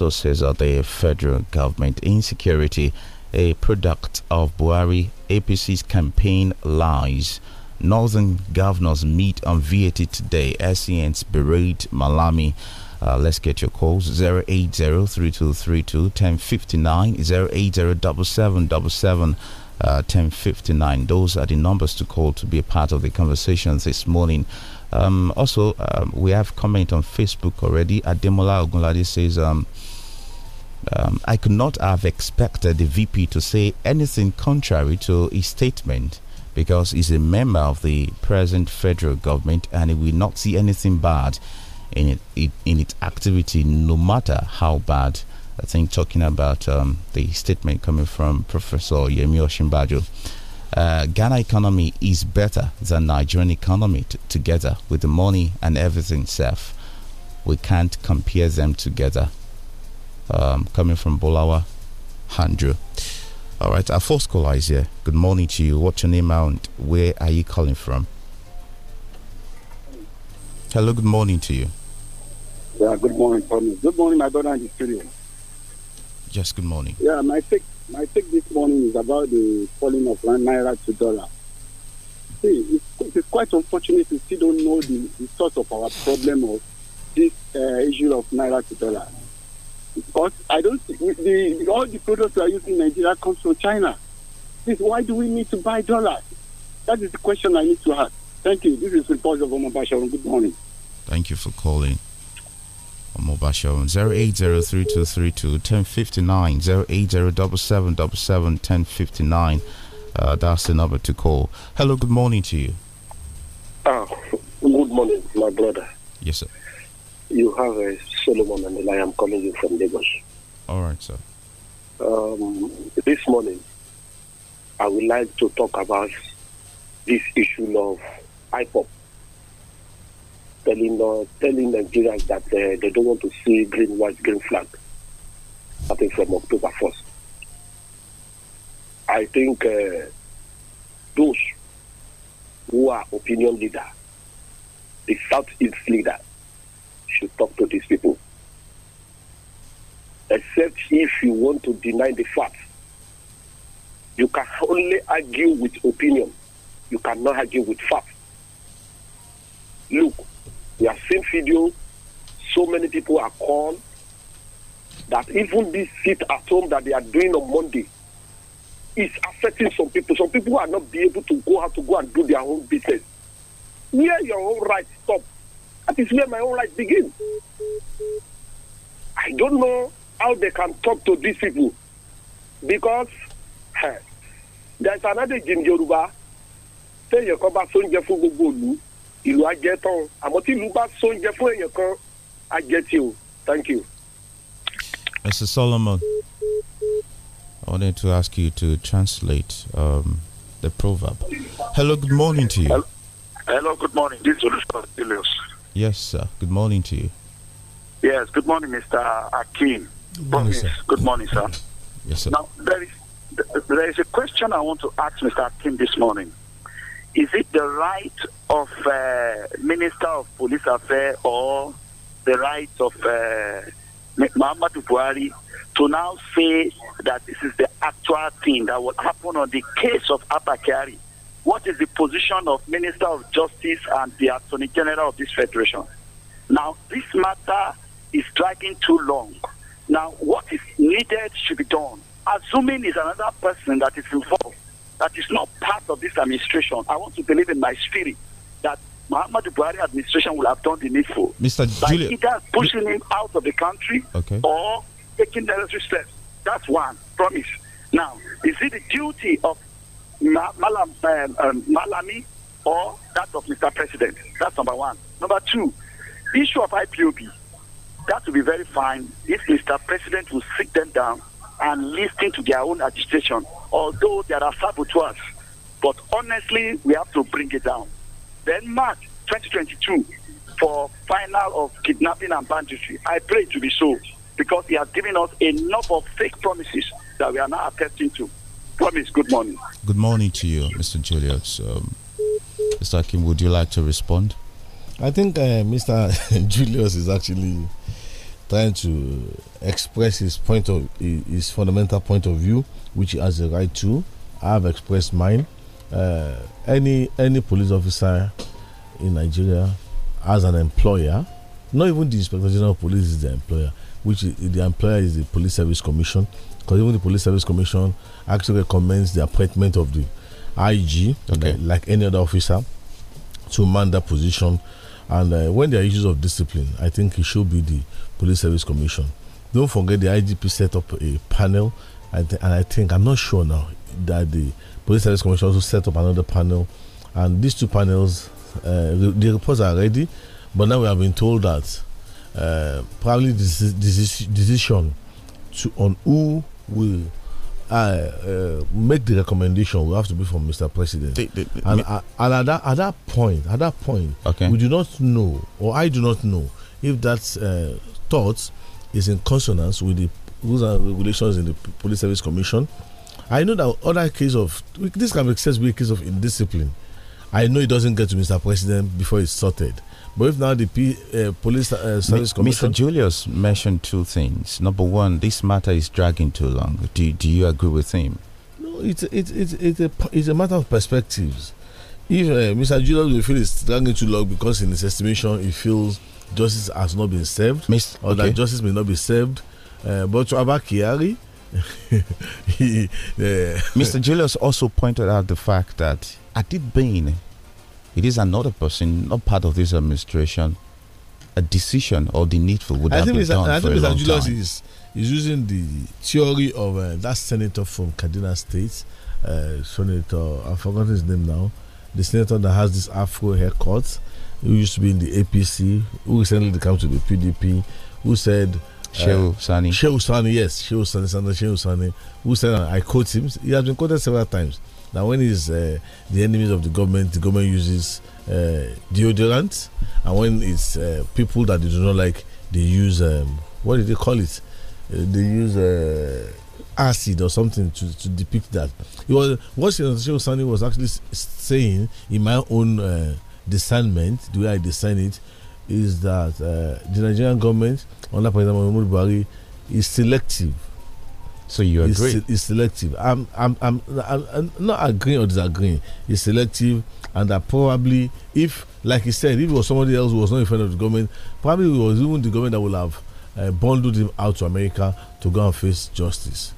also says that the federal government insecurity, a product of Buhari APC's campaign lies. Northern governors meet on VAT today. SENs berate Malami. Uh, let's get your calls 080-3232-1059, 080-7777. 1059. Those are the numbers to call to be a part of the conversations this morning. Um, also, um, we have comment on Facebook already. Ademola Ogunlade says, um, um, I could not have expected the VP to say anything contrary to his statement because he's a member of the present federal government and he will not see anything bad in it, it in its activity, no matter how bad. I think talking about um, the statement coming from Professor Yemi Oshimbajo. Uh, Ghana economy is better than Nigerian economy together with the money and everything self. We can't compare them together um, coming from Bolawa, Andrew. All right, our first caller is here. Good morning to you. What's your name and where are you calling from? Hello, good morning to you. Yeah, good morning, Tommy. Good morning, my brother in the studio. Yes, good morning. Yeah, my take my take this morning is about the falling of one naira to dollar. See, it's, it's, quite unfortunate we still don't know the, the source of our problem of this uh, issue of naira to dollar. Because I don't the, all the products we are using in Nigeria comes from China. This why do we need to buy dollars? That is the question I need to ask. Thank you. This is report of Omar Basharon. Good morning. Thank you for calling. Omar Basharon 08032321059 08077771059. Uh, that's the number to call. Hello, good morning to you. Ah, good morning, my brother. Yes, sir. You have a Solomon and Eli. I'm calling you from Lagos. All right, sir. Um, this morning, I would like to talk about this issue of IPOP telling uh, telling Nigerians that uh, they don't want to see green, white, green flag starting from October 1st. I think uh, those who are opinion leader, the south east leader, should talk to these people. Except if you want to deny the facts. You can only argue with opinion. You cannot argue with facts. Look, we have seen video. So many people are called that even this sit at home that they are doing on Monday is affecting some people. Some people are not be able to go out to go and do their own business. Where your own rights stop that is where my own life begins. I don't know how they can talk to these people because huh, there's another in Yoruba. téèyàn kan bá go, you gbogbo ìlú get ajẹ tán àmọ́ tí ìlú back sóúnjẹ fún èèyàn kan I get you. thank you. Mr. Solomon, I wanted to ask you to translate um, the proverb. Hello, good morning to you. Hello, hello good morning. This is Olusola Yes, sir. Good morning to you. Yes, good morning, Mr. Akin. Good morning, sir. Good morning, sir. Yes, sir. Now, there is, there is a question I want to ask Mr. Akin this morning. Is it the right of uh, Minister of Police Affairs or the right of uh, Muhammad Buhari to now say that this is the actual thing that will happen on the case of Abakari what is the position of Minister of Justice and the Attorney General of this federation? Now, this matter is dragging too long. Now, what is needed should be done. Assuming is another person that is involved, that is not part of this administration, I want to believe in my spirit that Muhammad Buhari administration will have done the needful. Mr. By either pushing him out of the country okay. or taking necessary steps. That's one promise. Now, is it the duty of Malam, um, um, Malami or that of Mr. President. That's number one. Number two, issue of IPOB. That will be very fine if Mr. President will sit them down and listen to their own agitation, although there are saboteurs. But honestly, we have to bring it down. Then March 2022 for final of kidnapping and banditry. I pray to be so because he has given us enough of fake promises that we are now attesting to good morning. Good morning to you, Mr. Julius. Um, Mr. Kim, would you like to respond? I think uh, Mr. Julius is actually trying to express his point of his fundamental point of view, which he has a right to. I have expressed mine. Uh, any any police officer in Nigeria as an employer, not even the Inspector General of Police is the employer, which is, the employer is the Police Service Commission, because even the Police Service Commission actually recommends the appointment of the IG, okay. like, like any other officer, to man that position. And uh, when there are issues of discipline, I think it should be the Police Service Commission. Don't forget the IGP set up a panel, and, and I think I'm not sure now that the Police Service Commission also set up another panel. And these two panels, uh, the, the reports are ready, but now we have been told that uh, probably this, this decision to on who will uh, make the recommendation will have to be from Mr. President. The, the, the, and, uh, and at, that, at that point, at that point, okay. we do not know, or I do not know, if that uh, thought is in consonance with the rules and regulations in the Police Service Commission. I know that other case of this can be a case of indiscipline. I know it doesn't get to Mr. President before it's sorted. But if now the P, uh, police uh, service commission, Mr. Julius mentioned two things. Number one, this matter is dragging too long. Do do you agree with him? No, it's it's it's, it's a it's a matter of perspectives. If uh, Mr. Julius will feel it's dragging too long because in his estimation he feels justice has not been served, Miss, or okay. that justice may not be served, uh, but to Abakiari. he, uh, Mr. Julius also pointed out the fact that Adib Bain it is another person, not part of this administration, a decision or the needful would I have been done I for think Mr. Julius is, is using the theory of uh, that senator from Kaduna State, uh, Senator, i forgot his name now, the senator that has this afro haircut, who used to be in the APC, who recently came to the PDP, who said, uh, Shehu uh, Sani. Shehu Sani, yes, Shehu Sani, Senator Shehu Sani, who said, I quote him, he has been quoted several times now, when uh, the enemies of the government, the government uses uh, deodorant, and when it's uh, people that they do not like, they use um, what do they call it? Uh, they use uh, acid or something to, to depict that. It was what Senator Sunday was actually saying in my own uh, discernment, the way I discern it, is that the Nigerian government under President Mahmoud Buhari is selective so you agree? It's, it's selective. I'm, I'm, I'm, I'm, not agreeing or disagreeing. It's selective, and that probably, if, like he said, if it was somebody else who was not in front of the government, probably it was even the government that would have uh, bundled him out to America to go and face justice.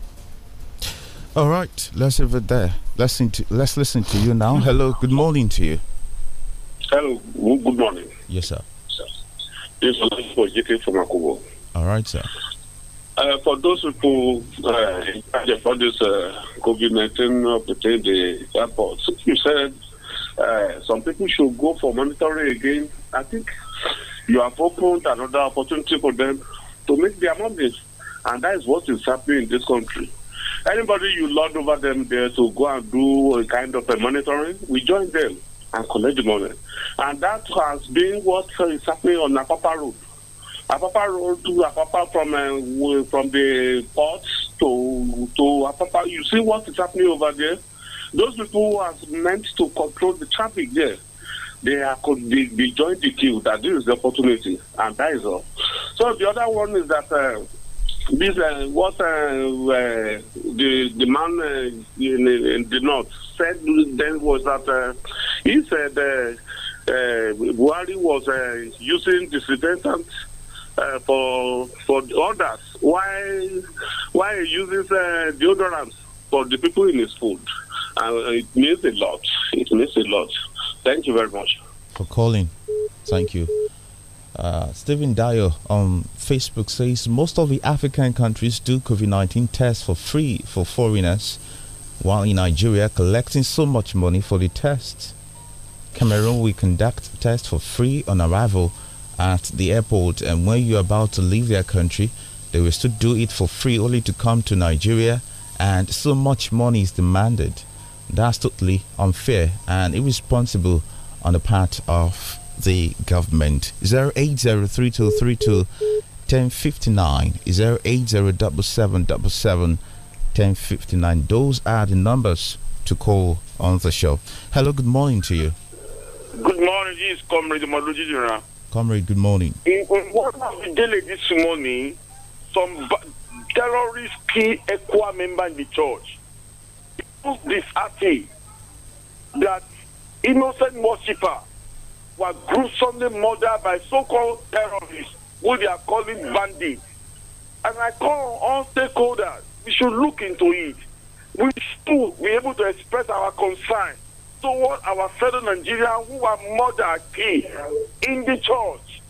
All right, let's have it there. Let's listen to, let's listen to you now. Hello, good morning to you. Hello, good morning. Yes, sir. Yes, sir. This is for JK from Akubo. All right, sir. Uh, for those who uh, this uh, COVID 19 between the airports, you said uh, some people should go for monitoring again. I think you have opened another opportunity for them to make their money. And that is what is happening in this country. Anybody you lord over them there to go and do a kind of a monitoring, we join them and collect the money. And that has been what is happening on Napapa Road. Apapa Road to Apapa from uh, from the ports to to Apapa. You see what is happening over there. Those people who are meant to control the traffic there, they are they, they join the queue. That this is the opportunity, and that is all. So the other one is that. Uh, this uh, what uh, uh, the the man uh, in, in, the north said then was that uh, he said uh, Buhari was using disinfectant uh, for for others? Why why he uses uh, deodorants for the people in his food? Uh, it means a lot. It means a lot. Thank you very much for calling. Thank you. Uh, Stephen Dio on Facebook says most of the African countries do COVID 19 tests for free for foreigners, while in Nigeria, collecting so much money for the tests. Cameroon, we conduct tests for free on arrival at the airport. And when you're about to leave their country, they will still do it for free only to come to Nigeria. And so much money is demanded. That's totally unfair and irresponsible on the part of the government. 0803232 1059 Those are the numbers to call on the show. Hello, good morning to you. Good morning, this is Comrade Madhujira. Comrade, good morning. In, in one of the daily this morning, some terrorists key a choir member in the church. put this article that innocent worshippers were gruesomely murdered by so-called terrorists who they are calling bandits. And I call on all stakeholders, we should look into it. We should be able to express our concern Towards our fellow Nigerians who are murdered key in the church.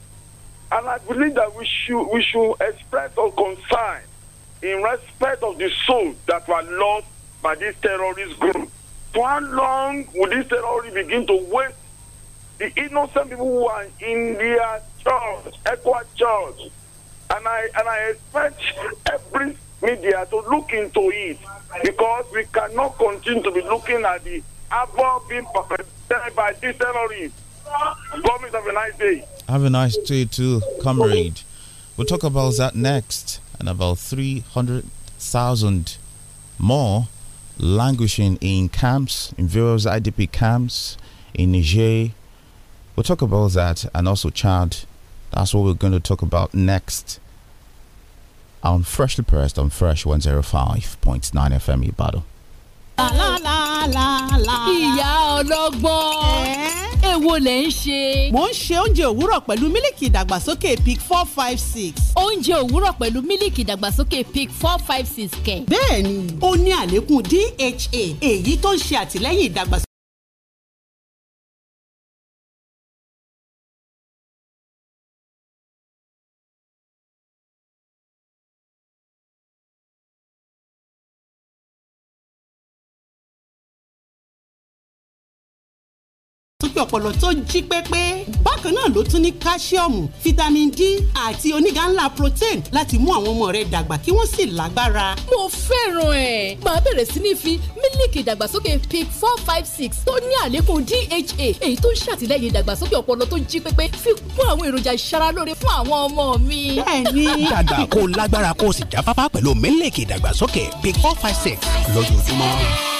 And I believe that we should, we should express our concern in respect of the souls that were lost by this terrorist group. For how long will this terrorist begin to waste the innocent people who are in their church, Equa Church? And I, and I expect every media to look into it because we cannot continue to be looking at the avoid being perpetrated by these terrorists. Promise have a nice day. Have a nice day too, comrade. We'll talk about that next and about 300,000 more languishing in camps, in various IDP camps in Niger. We'll talk about that and also Chad. That's what we're going to talk about next on Freshly Pressed on Fresh 105.9 FM Ibadan. La, la, la. La ìyá ọlọ́gbọ́n èwo lẹ̀ ń ṣe. mo ń ṣe oúnjẹ òwúrọ̀ pẹ̀lú mílìkì ìdàgbàsókè pic four five six. oúnjẹ òwúrọ̀ pẹ̀lú mílìkì ìdàgbàsókè pic four five six kẹ̀. bẹ́ẹ̀ni ó ní àlékún DHA èyí tó ń ṣe àtìlẹ́yìn ìdàgbàsókè. ọpọlọ tó jí pépé bákan náà ló tún ní káṣíọ̀mù fítámìn d àti onígá ńlá protein láti mú àwọn ọmọ rẹ dàgbà kí wọ́n sì lágbára. mo fẹ́ràn ẹ̀ máa bẹ̀rẹ̀ sí ní fi mílíkì ìdàgbàsókè pic four five six tó ní àlékún dha èyí tó ń ṣàtìlẹ́yìn ìdàgbàsókè ọpọlọ tó jí pépé fi kún àwọn èròjà ìṣaralóore fún àwọn ọmọ mi. bẹ́ẹ̀ni. dàgbà kó lágbára kó o sì jáfáfá pẹ̀lú mílíkì ìdàgbàsókè pic four five six lójoojúmọ́.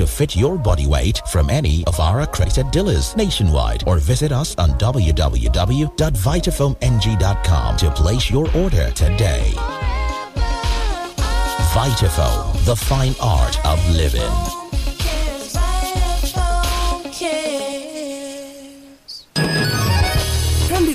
to fit your body weight from any of our accredited dealers nationwide or visit us on www.vitafoamng.com to place your order today. Vitafoam, the fine art of living.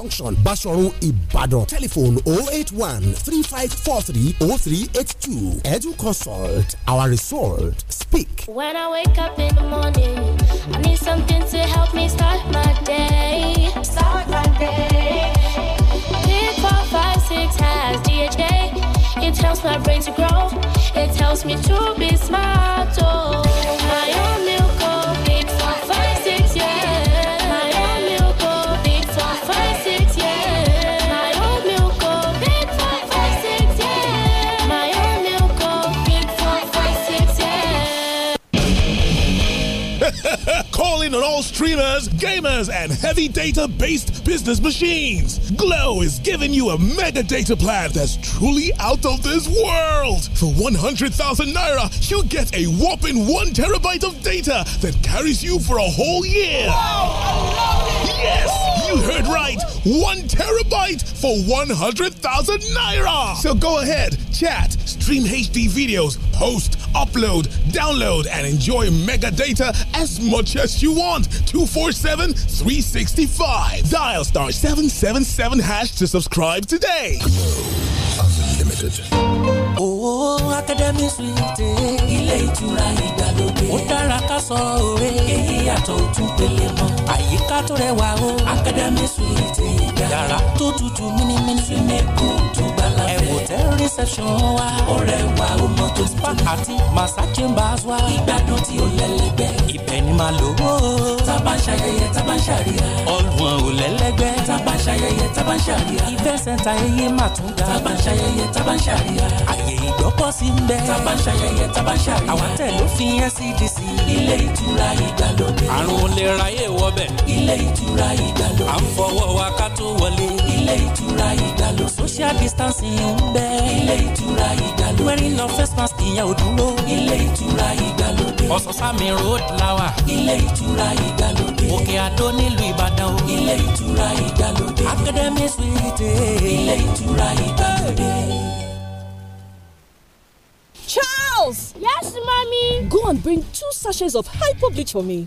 junction Basharun Ibadan. Telephone 081 3543 0382. Edu Consult, our resort. Speak. When I wake up in the morning, I need something to help me start my day. Start my day. It helps my brain to grow. It helps me to be smart. Oh, my own on all streamers, gamers, and heavy data based business machines. Glow is giving you a mega data plan that's truly out of this world. For 100,000 naira, you get a whopping 1 terabyte of data that carries you for a whole year. Wow, yes, you heard right. 1 terabyte for 100,000 naira. So go ahead, chat, stream HD videos, post, upload, download, and enjoy mega data as much as you want want. 247 365. Dial star 777 hash to subscribe today. Unlimited. Oh, Academy Suite. Ilé ìtura ìgbàlódé. Ó dára ká sọ òwe. Èyí yàtọ̀ òtún pélé mọ́. Àyíká tó rẹwà o. Academy Suite. Yàrá tó tutù mímímí. Swimming pool tó reception wa. ọ̀rẹ́ wa ó mọ tó ti tó. àti massa chambers wa. ìgbádùn tí ó lẹ́lẹ́gbẹ́. ibẹ̀ ni màá lò ó. tábà ń ṣayẹyẹ tábà ń ṣàríyá. ọ̀gbun ò lẹ́lẹ́gbẹ́. tábà ń ṣayẹyẹ tábà ń ṣàríyá. ìfẹ́ sẹ́ńtà eyé mà tún ga. tábà ṣayẹyẹ tábà ń àyè ìgbọ́kọ̀ sí ń bẹ. tábà ṣayẹyẹ tábà ń àwọn tẹ̀ ló fi NCDC. ilé ìtura ìgbàlódé. àrùn olè ra yé wọbẹ̀. ilé ìtura ìgbàlódé. à ń fọwọ́ wa ká tó wọlé ilé ìtura ìdàlọ́. social distancing ń bẹ. ilé ìtura ìdàlọ́. wearing no face mask ìyẹn ò dúró. ilé ìtura ìdàlódé. ọ̀sán-sámi road lawa. ilé ìtura ìdàlódé. òkè àdó nílùú ìbàdàn o. ilé ìtura ìdàlódé. academy suite. ilé ìtura ìdàlódé. Charles! Yes, mommy? Go and bring two sachets of hypo bleach for me.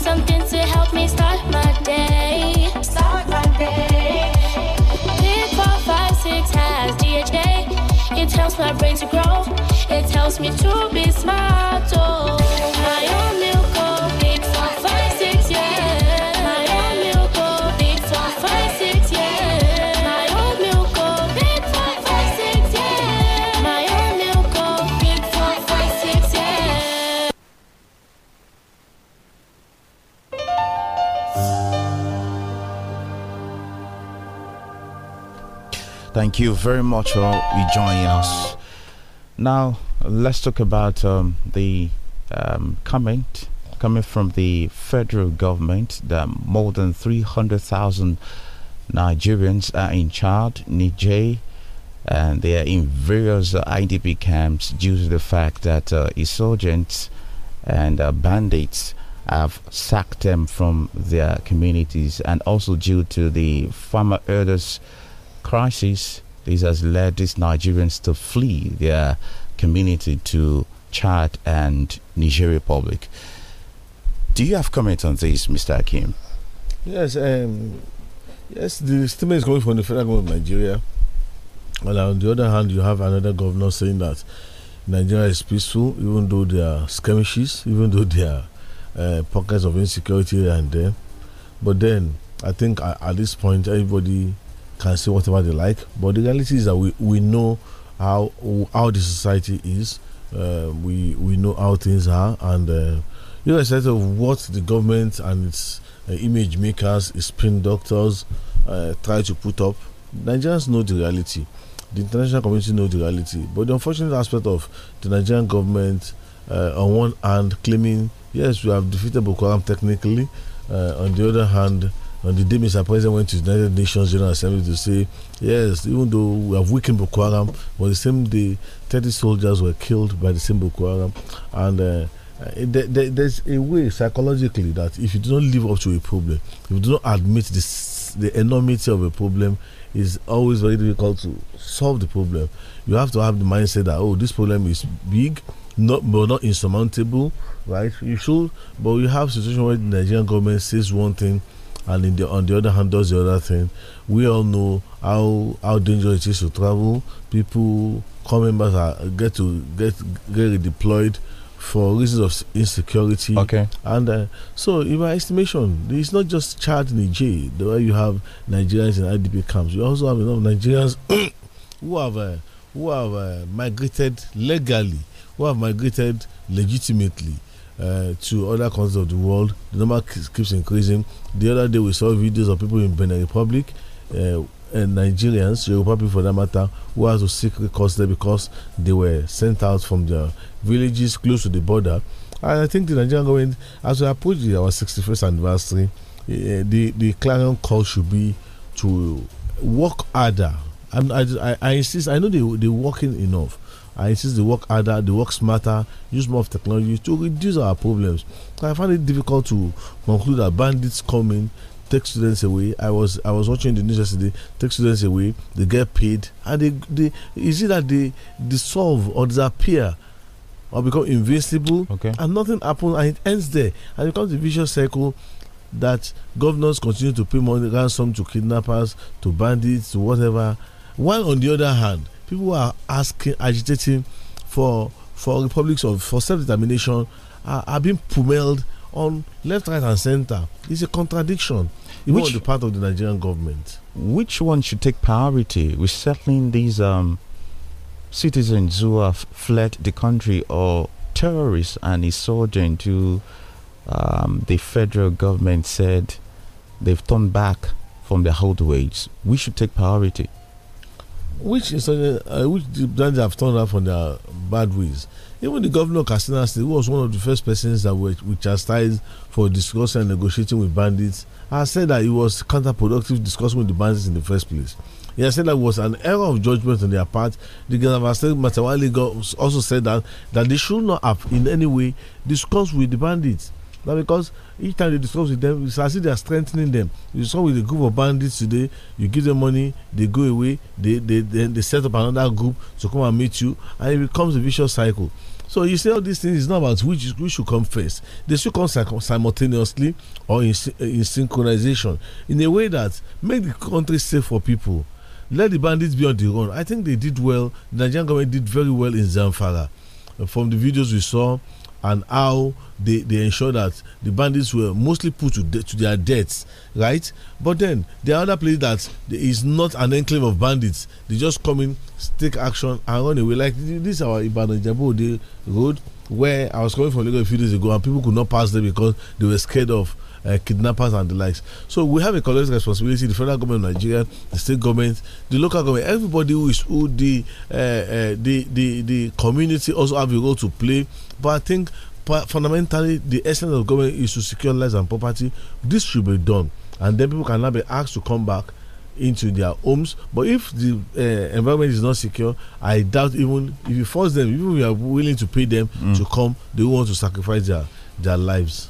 something to help me start my day. Start my day. Pick four, five, six has DHA. It helps my brain to grow. It helps me to be smart. Oh, I only Thank you very much for joining us. Now, let's talk about um, the um, comment coming from the federal government that more than 300,000 Nigerians are in Chad, Niger, and they are in various uh, IDP camps due to the fact that uh, insurgents and uh, bandits have sacked them from their communities, and also due to the farmer herders crisis, this has led these Nigerians to flee their community to Chad and Niger Republic. Do you have comment on this, Mr. Akim? Yes, um, yes, the statement is coming from the federal government of Nigeria. Well, on the other hand, you have another governor saying that Nigeria is peaceful, even though there are skirmishes, even though there are uh, pockets of insecurity and there. But then, I think at, at this point, everybody can say whatever they like, but the reality is that we, we know how how the society is. Uh, we we know how things are, and uh, instead of what the government and its uh, image makers, its doctors uh, try to put up, Nigerians know the reality. The international community know the reality. But the unfortunate aspect of the Nigerian government, uh, on one hand, claiming yes we have defeated Boko Haram technically, uh, on the other hand, on the day Mr. President went to the United Nations General Assembly to say, yes, even though we have weakened Boko Haram, but the same day, 30 soldiers were killed by the same Boko Haram. And uh, there, there, there's a way psychologically that if you do not live up to a problem, if you do not admit this, the enormity of a problem, it's always very difficult to solve the problem. You have to have the mindset that, oh, this problem is big, not but not insurmountable, right? You should, but you have situation where the Nigerian government says one thing and in the, on the other hand does the other thing. We all know how how dangerous it is to travel. People, core members are, get to get get deployed for reasons of insecurity. Okay. And uh, so, in my estimation, it's not just Chad, Niger, the way you have Nigerians in IDP camps. You also have a lot of Nigerians who have uh, who have uh, migrated legally, who have migrated legitimately uh, to other countries of the world. The number keeps increasing. The other day we saw videos of people in Benin Republic. Uh, and Nigerians, Yoruba people for that matter, who had to seek there because they were sent out from their villages close to the border. And I think the Nigerian government, as we approach our 61st anniversary, eh, eh, the, the clarion call should be to work harder. And I, I, I insist, I know they, they're working enough, I insist they work harder, they work smarter, use more of technology to reduce our problems. I find it difficult to conclude that bandits come in, take students away. I was I was watching the news yesterday. Take students away. They get paid, and they they is it that they dissolve or disappear or become invincible, okay. and nothing happens, and it ends there, and it becomes a vicious cycle that governors continue to pay money ransom to kidnappers, to bandits, to whatever. While on the other hand, people are asking, agitating for for republics of for self-determination are, are being pummeled on left, right, and center. It's a contradiction, even which, on the part of the Nigerian government. Which one should take priority We're settling these um, citizens who have fled the country or terrorists and insurgents who um, the federal government said they've turned back from their old ways? We should take priority which is uh, uh, which the brands have turned up on their bad ways. Even the governor of Kastina State, who was one of the first persons that were we chastised for discussing and negotiating with bandits, has said that it was counterproductive discussing with the bandits in the first place. He has said that it was an error of judgment on their part. The Governor State Matawali also said that that they should not have in any way discussed with the bandits that because each time you discuss with them, it's as if they are strengthening them. You saw with a group of bandits today, you give them money, they go away, they they they, they set up another group to come and meet you, and it becomes a vicious cycle. So you say all these things is not about which which should come first. They should come simultaneously or in, in synchronization in a way that make the country safe for people. Let the bandits be on their own. I think they did well. The Nigerian government did very well in Zamfara. From the videos we saw, and how they, they ensure that the bandits were mostly put to, de to their deaths, right? But then there are other places that is not an enclave of bandits. They just come in, take action, and run away. Like this our Ibadan Jabode road where I was coming from Lagos a few days ago, and people could not pass there because they were scared of uh, kidnappers and the likes. So we have a collective responsibility, the federal government of Nigeria, the state government, the local government, everybody who is who the, uh, uh, the, the, the community also have a role to play. But I think fundamentally the essence of government is to secure lives and property. This should be done. And then people cannot be asked to come back into their homes. But if the uh, environment is not secure, I doubt even if you force them, even if you are willing to pay them mm. to come, they want to sacrifice their their lives.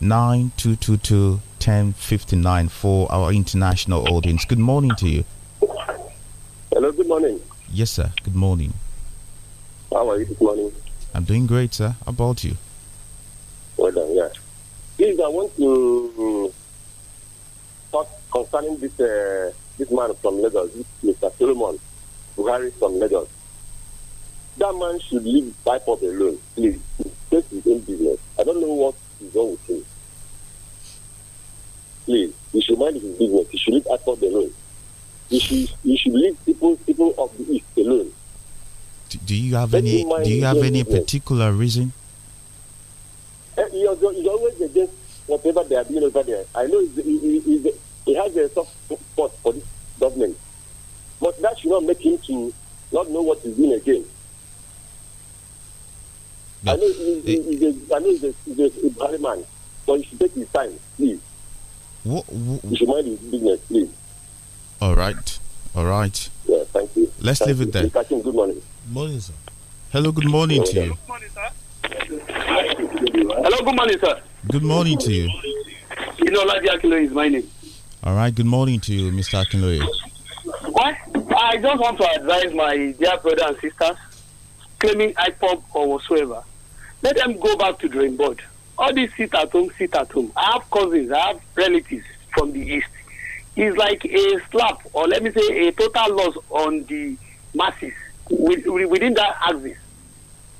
9222 1059 for our international audience. Good morning to you. Hello, good morning. Yes, sir. Good morning. How are you this morning? I'm doing great, sir. How about you? Well done, yeah. Please, I want to mm, talk concerning this uh, this man from Lagos, Mr. Solomon Buhari from Lagos. That man should leave the pipe the alone, please. Take his own business. I don't know what is wrong with him play. He should mind his business. He should leave Accord alone. He should, he should leave people, people of the East alone. Do you have any? Do you have any particular reason? He eh, is always against whatever they are doing over there. I know he, he, he has a soft spot for this government, but that should not make him to not know what he's doing again. No. I know he's, he's, he's, a, I know he's a, he's a man, but he should take his time, please. What, what, you should mind his business, please. All right. All right. Yeah, thank you. Let's thank leave it there. good morning. Morning, sir. Hello, good morning to you. Good morning, sir. Hello, good morning, sir. Good morning to you. You know, Ladi Akinloye is my name. All right, good morning to you, Mr. Akinloye. I just want to advise my dear brother and sisters claiming IPOB or whatsoever. Let them go back to dream board all these sit at home, sit at home. I have cousins, I have relatives from the east. It's like a slap, or let me say, a total loss on the masses within that axis.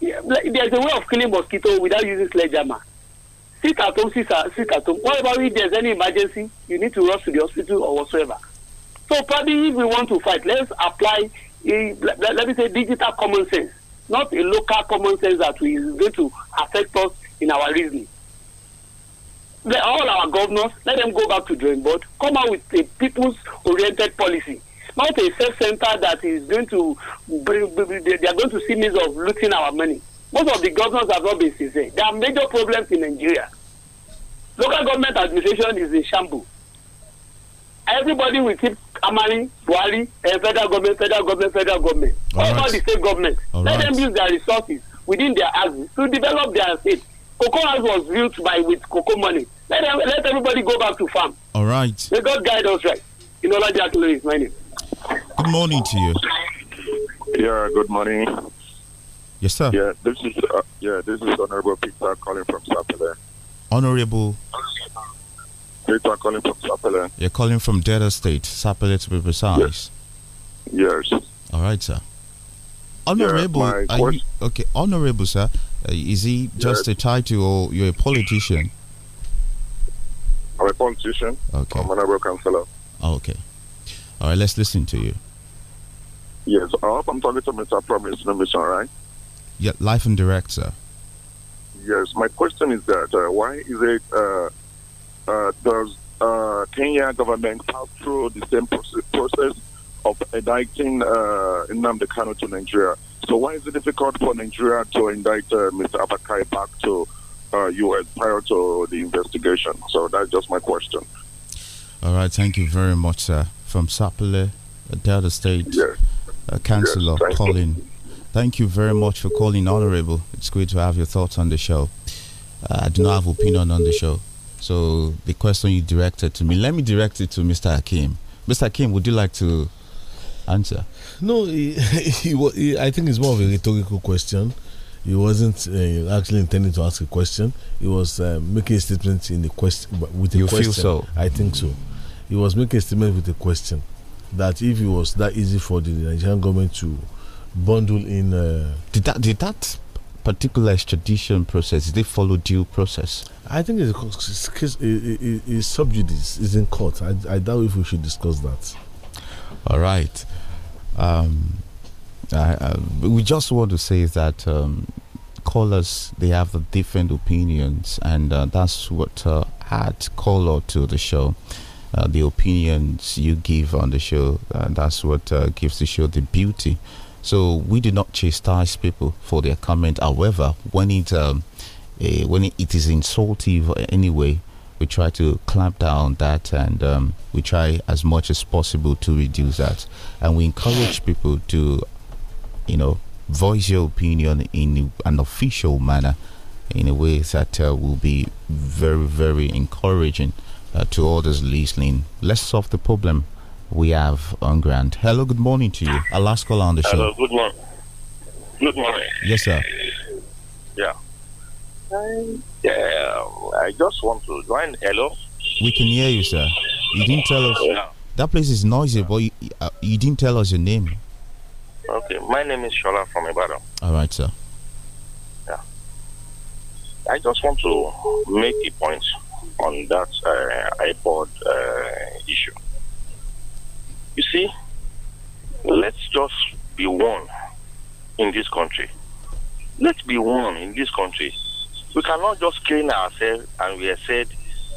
there's a way of killing mosquito without using sledgehammer. Sit at home, sit at, sit at home. What about if there's any emergency? You need to rush to the hospital or whatsoever. So probably if we want to fight, let's apply, a, let me say, digital common sense, not a local common sense that is going to affect us in our reasoning. Let all our governors, let them go back to drawing board, come out with a people's oriented policy, not a self center that is going to bring, they are going to see means of looting our money. Most of the governors have not been sincere. There are major problems in Nigeria. Local government administration is in shambles. Everybody will keep Amari, Buhari and federal government, federal government, federal government. All, all right. about the state government. All let right. them use their resources within their axis to develop their state Cocoa House was built by with cocoa money. Let, let everybody go back to farm. All right. May God guide us right. You know, like that is my name. Good morning to you. Yeah, good morning. Yes, sir. Yeah, this is uh, yeah, this is Honorable Peter calling from Sapele. Honorable Peter calling from Sapele. You're calling from Delta State, Sapele to be precise. Yes. yes. All right, sir. Honorable, yeah, you, okay, honorable, sir. Uh, is he just yes. a title or you're a politician? I'm a politician. Okay. I'm an honorable councillor. okay. All right, let's listen to you. Yes, I hope I'm talking to Mr. Promise, no mission, right? Yeah, life and Director. Yes, my question is that uh, why is it uh, uh, does uh, Kenya government pass through the same process, process of indicting uh, Nnamdi Kano to Nigeria? So why is it difficult for Nigeria to indict uh, Mr. Abakai back to uh, U.S. prior to the investigation? So that's just my question. All right. Thank you very much, sir. From Sapele, Delta State, yes. uh, Councillor yes, Colin. Thank you very much for calling, Honorable. It's great to have your thoughts on the show. Uh, I do not have opinion on the show. So the question you directed to me, let me direct it to Mr. Akim. Mr. Akim, would you like to answer? No, he, he, he, I think it's more of a rhetorical question. He wasn't uh, actually intending to ask a question. He was uh, making a statement in the question with a you question. Feel so? I think so. He was making a statement with a question that if it was that easy for the Nigerian government to bundle in, uh, did that did that particular extradition process did they follow due process? I think it's, it's, it's, it's, subjudice, sub judice. It's in court. I, I doubt if we should discuss that. All right. Um, I, I, we just want to say that um, callers they have the different opinions, and uh, that's what uh, add color to the show. Uh, the opinions you give on the show, uh, that's what uh, gives the show the beauty. So we do not chastise people for their comment. However, when it um, eh, when it is insultive anyway, we try to clamp down that and um, we try as much as possible to reduce that. And we encourage people to, you know, voice your opinion in an official manner in a way that uh, will be very, very encouraging uh, to others listening. Let's solve the problem we have on ground. Hello, good morning to you. Alaska on the show. Hello, good morning. Good morning. Yes, sir. Yeah. Yeah, I just want to join. Hello. We can hear you, sir. You didn't tell us. Yeah. That place is noisy, but you, uh, you didn't tell us your name. Okay, my name is Shola from Ibadan. All right, sir. Yeah. I just want to make a point on that uh, iPod uh, issue. You see, let's just be one in this country. Let's be one in this country we cannot just clean ourselves and we are said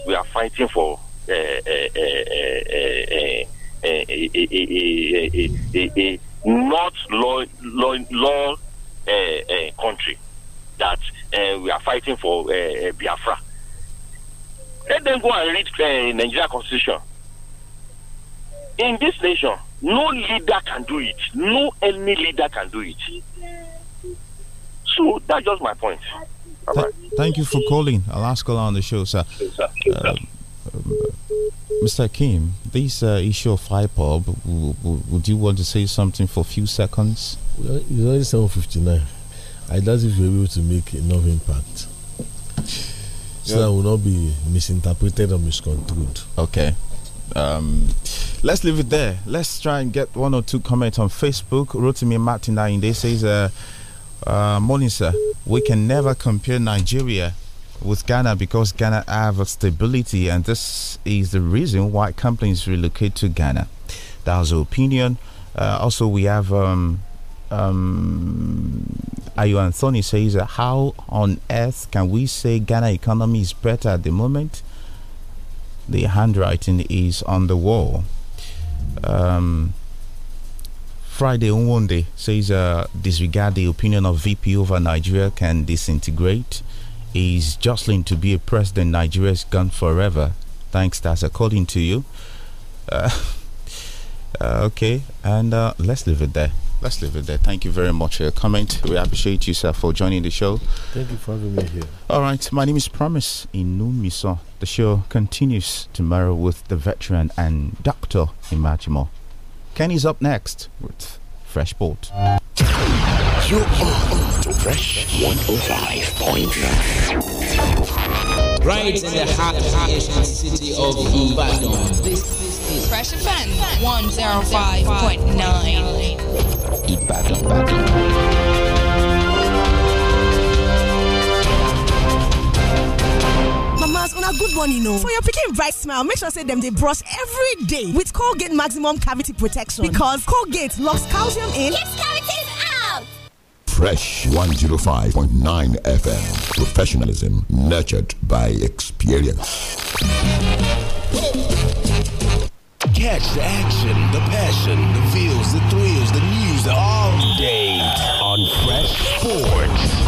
we are fighting for a not law law law country that we are fighting for Biafra. Let them go and read uh, Nigeria Constitution. In this nation, no leader can do it. No any leader can do it. So that's just my point. Th- Thank you for calling I'll all on the show, sir. Yes, sir. Uh, Mr. Kim, this uh, issue of IPOB, w- would you want to say something for a few seconds? Well, it's only 7.59. I doubt if we are able to make enough impact. So yeah. that will not be misinterpreted or misconstrued. Okay. Um, let's leave it there. Let's try and get one or two comments on Facebook. Rotimi Martin Ainde says, uh, uh, morning, sir. we can never compare Nigeria with Ghana because Ghana have stability, and this is the reason why companies relocate to Ghana. That was her opinion. Uh, also, we have um, um, Ayu Anthony says, uh, "How on earth can we say Ghana economy is better at the moment? The handwriting is on the wall." Um, Friday, Monday says uh, disregard the opinion of VP over Nigeria can disintegrate. Is jostling to be a president Nigeria's gone forever. Thanks, that's according to you. Uh, uh, okay, and uh, let's leave it there. Let's leave it there. Thank you very much for your comment. We appreciate you, sir, for joining the show. Thank you for having me here. All right, my name is Promise Inumison. The show continues tomorrow with the veteran and Dr. Imajimo Kenny's up next with Fresh Port. You are on to Fresh 105.9. Right in the heart of the city of Ibadan. This is Fresh Offense 105.9. Ibadan. Ibadan. a good one you know for your picking bright smile make sure say them they brush every day with colgate maximum cavity protection because colgate locks calcium in keeps cavities out fresh 105.9 fm professionalism nurtured by experience catch the action the passion the feels the thrills the news all day on fresh sports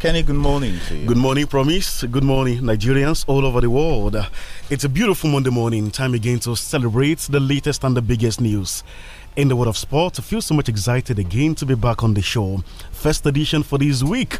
Kenny, good morning to you. Good morning, Promise. Good morning, Nigerians all over the world. It's a beautiful Monday morning, time again to celebrate the latest and the biggest news. In the world of sport, I feel so much excited again to be back on the show. First edition for this week.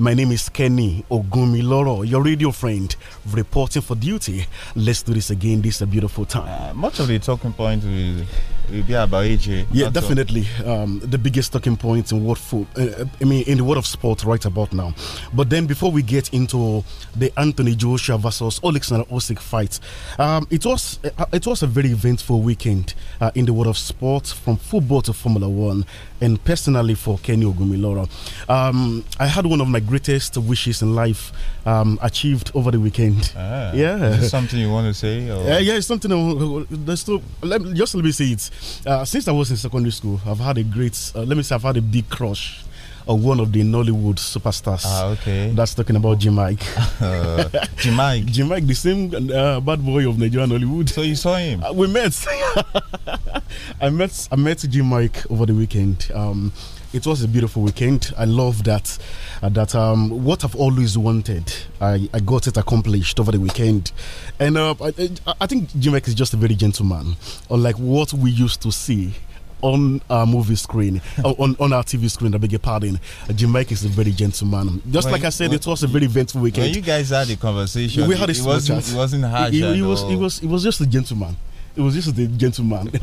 My name is Kenny Ogumiloro, your radio friend, reporting for duty. Let's do this again. This is a beautiful time. Uh, much of the talking point will, will be about AJ. Yeah, definitely. Um, the biggest talking point in world food, uh, I mean, in the world of sport right about now. But then before we get into the Anthony Joshua versus Oleksandr Osik fight, um, it was uh, it was a very eventful weekend uh, in the world of sport, from football to Formula One and personally for Kenny Ogumiloro. Um, I had one of my greatest wishes in life um, achieved over the weekend. Ah, yeah, something you want to say? Uh, yeah, it's something. let me, just let me say it. Uh, since I was in secondary school, I've had a great. Uh, let me say, I've had a big crush one of the Nollywood superstars. Ah, okay. That's talking about Jim Mike. Uh, Jim Mike. Jim Mike, the same uh, bad boy of Nigeria Nollywood. So you saw him? Uh, we met. I met I met Jim Mike over the weekend. Um, it was a beautiful weekend. I love that. Uh, that um, what I've always wanted, I, I got it accomplished over the weekend. And uh, I, I think Jim Mike is just a very gentleman, unlike what we used to see on our uh, movie screen, uh, on, on our TV screen, I beg your pardon. Jamaica is a very gentleman. Just when, like I said, when, it was a very eventful weekend. you guys had a conversation, we had a it, wasn't, it wasn't harsh. It was, it was, it was just a gentleman he was just a gentleman. Perfect,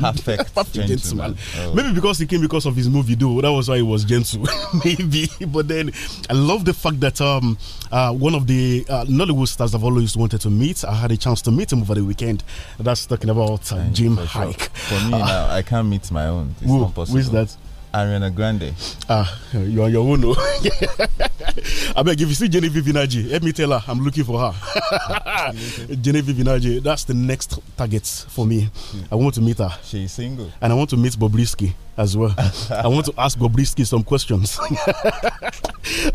Perfect gentleman. gentleman. Oh. Maybe because he came because of his movie, though. That was why he was gentle. Maybe. But then I love the fact that um, uh, one of the uh, Nollywood stars I've always wanted to meet, I had a chance to meet him over the weekend. That's talking about uh, Jim Hike. Sure. For me, now, I can't meet my own. It's who, not possible. Who is that? Ariana Grande. Ah, you are your own. No? Oh. I beg, if you see Genevieve Vinaji, let me tell her I'm looking for her. Genevieve Vinaji, that's the next target for me. Hmm. I want to meet her. She's single. And I want to meet Bobrisky as well. I want to ask Gobrisky some questions.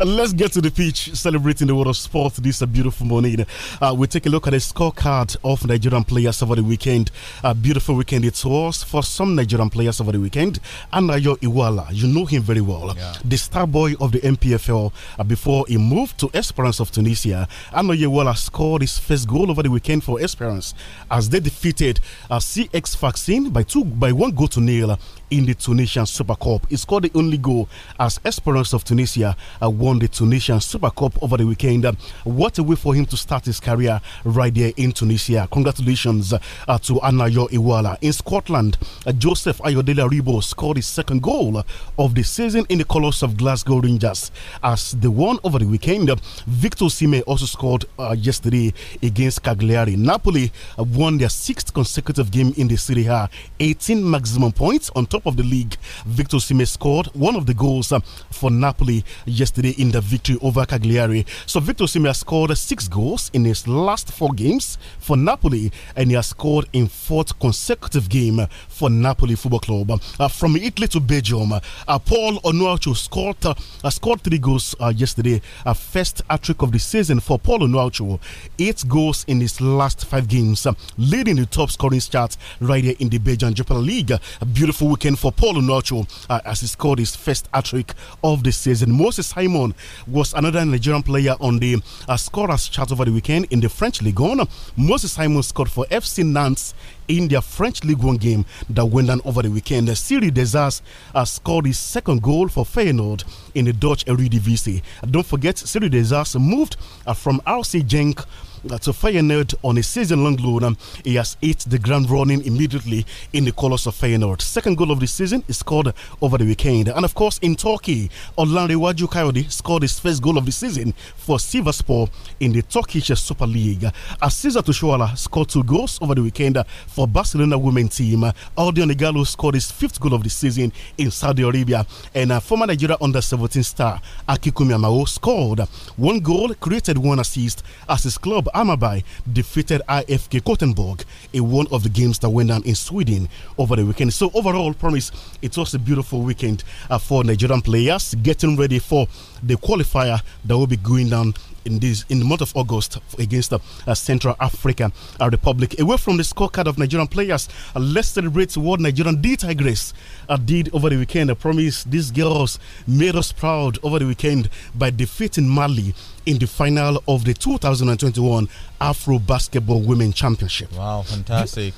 Let's get to the pitch, celebrating the world of sport this a beautiful morning. Uh, we take a look at the scorecard of Nigerian players over the weekend. A beautiful weekend it was for some Nigerian players over the weekend. Anayo Iwala, you know him very well, yeah. the star boy of the MPFL uh, before he moved to Esperance of Tunisia. Anayo Iwala scored his first goal over the weekend for Esperance as they defeated uh, CX Vaccine by two by one goal to nil in the Tunisian Super Cup. He scored the only goal as Esperance of Tunisia uh, won the Tunisian Super Cup over the weekend. Uh, what a way for him to start his career right there in Tunisia. Congratulations uh, to Anayo Iwala. In Scotland, uh, Joseph Ayodele Ribo scored his second goal of the season in the colours of Glasgow Rangers as the one over the weekend. Uh, Victor Sime also scored uh, yesterday against Cagliari. Napoli uh, won their sixth consecutive game in the Serie A, 18 maximum points on top of the league, Victor Sime scored one of the goals um, for Napoli yesterday in the victory over Cagliari. So Victor Sime has scored six goals in his last four games for Napoli, and he has scored in fourth consecutive game for Napoli Football Club. Uh, from Italy to Belgium, uh, Paul Onuachu scored uh, uh scored three goals uh, yesterday. Uh, first hat-trick of the season for Paul Onuachu, eight goals in his last five games, leading the top scoring chart right here in the Belgian Jupiler League. A beautiful weekend weekend for Paulo Nocho uh, as he scored his first hat trick of the season. Moses Simon was another Nigerian player on the uh, scorers chart over the weekend in the French League One. Moses Simon scored for FC Nantes in their French League One game that went down over the weekend. The Siri Desas uh, scored his second goal for Feyenoord in the Dutch Eredivisie. Don't forget, Siri Desas moved uh, from RC Genk a to Feyenoord on a season-long loan. he has hit the ground running immediately in the colours of Feyenoord. Second goal of the season is scored over the weekend. And of course, in Turkey, Olanrewaju Coyote scored his first goal of the season for Sivasspor in the Turkish Super League. Cesar Tushuala scored two goals over the weekend for Barcelona women team. Aldion Igalo scored his fifth goal of the season in Saudi Arabia. And a uh, former Nigeria under-17 star Akikumi Amao scored one goal, created one assist as his club Amabai defeated IFK Gothenburg in one of the games that went down in Sweden over the weekend. So overall, promise it was a beautiful weekend uh, for Nigerian players getting ready for the qualifier that will be going down in this in the month of August against uh, Central African Republic. Away from the scorecard of Nigerian players, uh, let's celebrate what Nigerian D Tigress uh, did over the weekend. I promise these girls made us proud over the weekend by defeating Mali in the final of the 2021 Afro Basketball Women Championship. Wow, fantastic.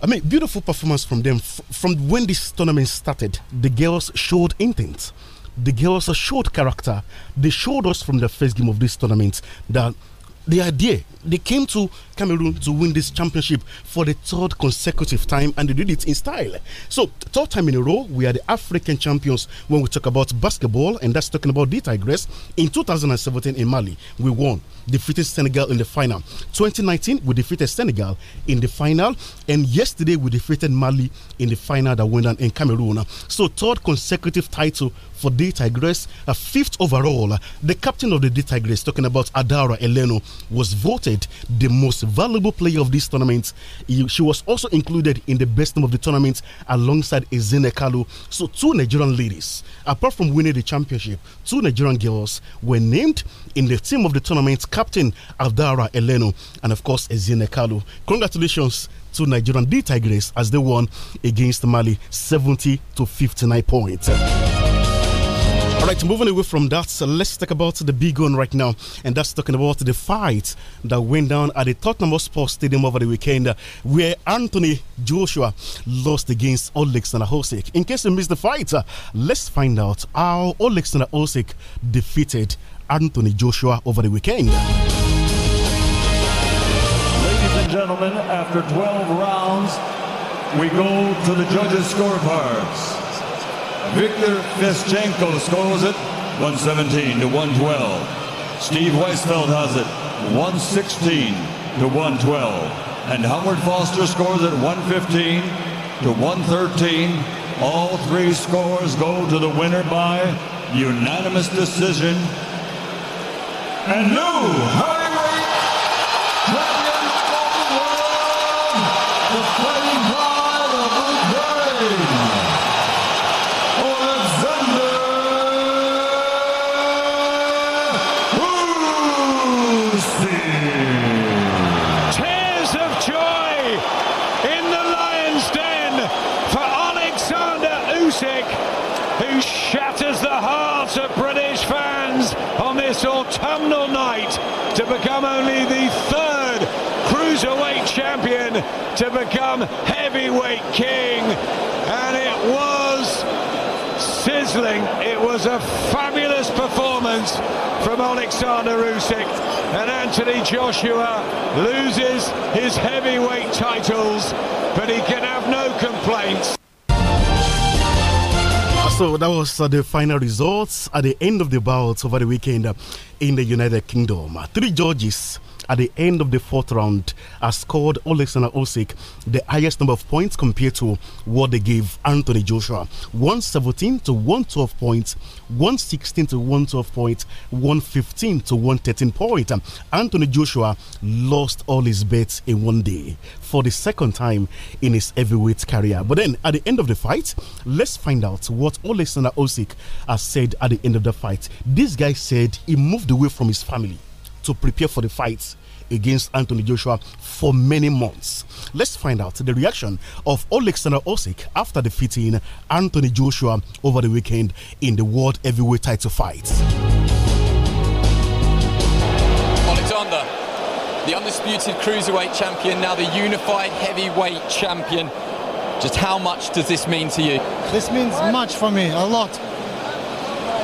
I mean, beautiful performance from them. From when this tournament started, the girls showed intent the girls showed character. They showed us from the first game of this tournament that they are there. They came to Cameroon to win this championship for the third consecutive time, and they did it in style. So, third time in a row, we are the African champions when we talk about basketball, and that's talking about the Tigress. In 2017 in Mali, we won defeated Senegal in the final. 2019, we defeated Senegal in the final. And yesterday, we defeated Mali in the final that went on in Cameroon. So, third consecutive title for the Tigress, a fifth overall. The captain of the Tigress, talking about Adara Eleno, was voted the most valuable player of this tournament. She was also included in the best team of the tournament alongside Ezine Kalu. So, two Nigerian ladies, apart from winning the championship, two Nigerian girls were named in the team of the tournament, captain Abdara Eleno, and of course Ezine Kalu. Congratulations to Nigerian D Tigers as they won against Mali 70 to 59 points. All right, moving away from that, so let's talk about the big one right now, and that's talking about the fight that went down at the Tottenham Hotspur Stadium over the weekend, uh, where Anthony Joshua lost against Oleksandr Hosek. In case you missed the fight, uh, let's find out how Oleksandr Hosek defeated Anthony Joshua over the weekend. Ladies and gentlemen, after 12 rounds, we go to the judges' scorecards. Victor Fischenko scores it 117 to 112. Steve Weisfeld has it 116 to 112. And Howard Foster scores it 115 to 113. All three scores go to the winner by unanimous decision and new become only the third cruiserweight champion to become heavyweight king. And it was sizzling. It was a fabulous performance from Alexander Usyk. And Anthony Joshua loses his heavyweight titles, but he can have no complaints. So that was uh, the final results at the end of the bouts over the weekend uh, in the United Kingdom. Uh, three judges at the end of the fourth round has scored Oleksandr Osik the highest number of points compared to what they gave Anthony Joshua 117 to 112 points, 116 to 112 points, 115 to 113 points. Anthony Joshua lost all his bets in one day for the second time in his heavyweight career. But then at the end of the fight, let's find out what Oleksandr Osik has said at the end of the fight. This guy said he moved away from his family to prepare for the fight against Anthony Joshua for many months. Let's find out the reaction of Oleksandr Osik after defeating Anthony Joshua over the weekend in the World Heavyweight title fight. Alexander, the undisputed cruiserweight champion, now the unified heavyweight champion. Just how much does this mean to you? This means much for me, a lot.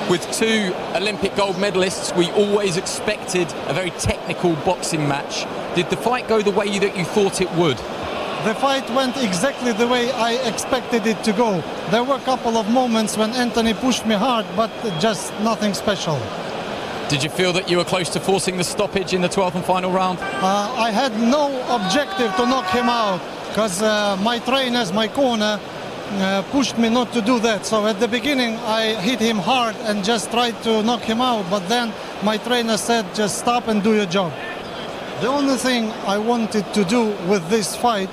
With two Olympic gold medalists, we always expected a very technical boxing match. Did the fight go the way that you thought it would? The fight went exactly the way I expected it to go. There were a couple of moments when Anthony pushed me hard, but just nothing special. Did you feel that you were close to forcing the stoppage in the 12th and final round? Uh, I had no objective to knock him out because uh, my trainers, my corner, uh, pushed me not to do that. So at the beginning, I hit him hard and just tried to knock him out. But then my trainer said, just stop and do your job. The only thing I wanted to do with this fight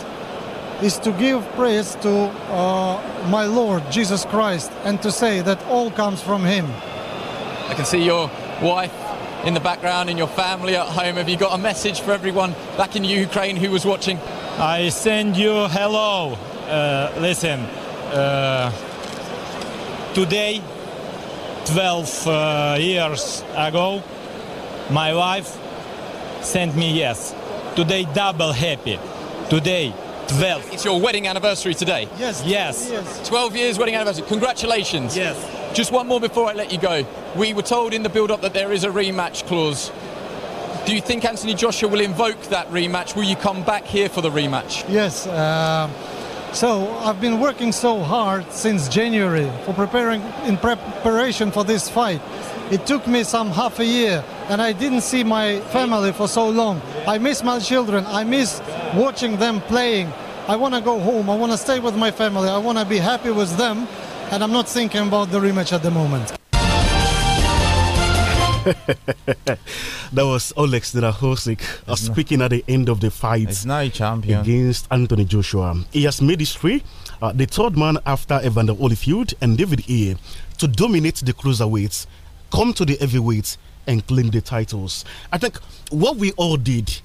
is to give praise to uh, my Lord Jesus Christ and to say that all comes from Him. I can see your wife in the background and your family at home. Have you got a message for everyone back in Ukraine who was watching? I send you hello. Uh, listen, uh, today, 12 uh, years ago, my wife sent me yes. Today, double happy. Today, 12. It's your wedding anniversary today. Yes. Yes. 12 years. 12 years wedding anniversary. Congratulations. Yes. Just one more before I let you go. We were told in the build-up that there is a rematch clause. Do you think Anthony Joshua will invoke that rematch? Will you come back here for the rematch? Yes. Uh so I've been working so hard since January for preparing in preparation for this fight. It took me some half a year and I didn't see my family for so long. I miss my children. I miss watching them playing. I want to go home. I want to stay with my family. I want to be happy with them and I'm not thinking about the rematch at the moment. that was Alex Dinahosik uh, speaking not, at the end of the fight. He's now a champion against Anthony Joshua. He has made history, uh, the third man after Evander Holyfield and David E. to dominate the cruiserweights, come to the heavyweights, and claim the titles. I think what we all did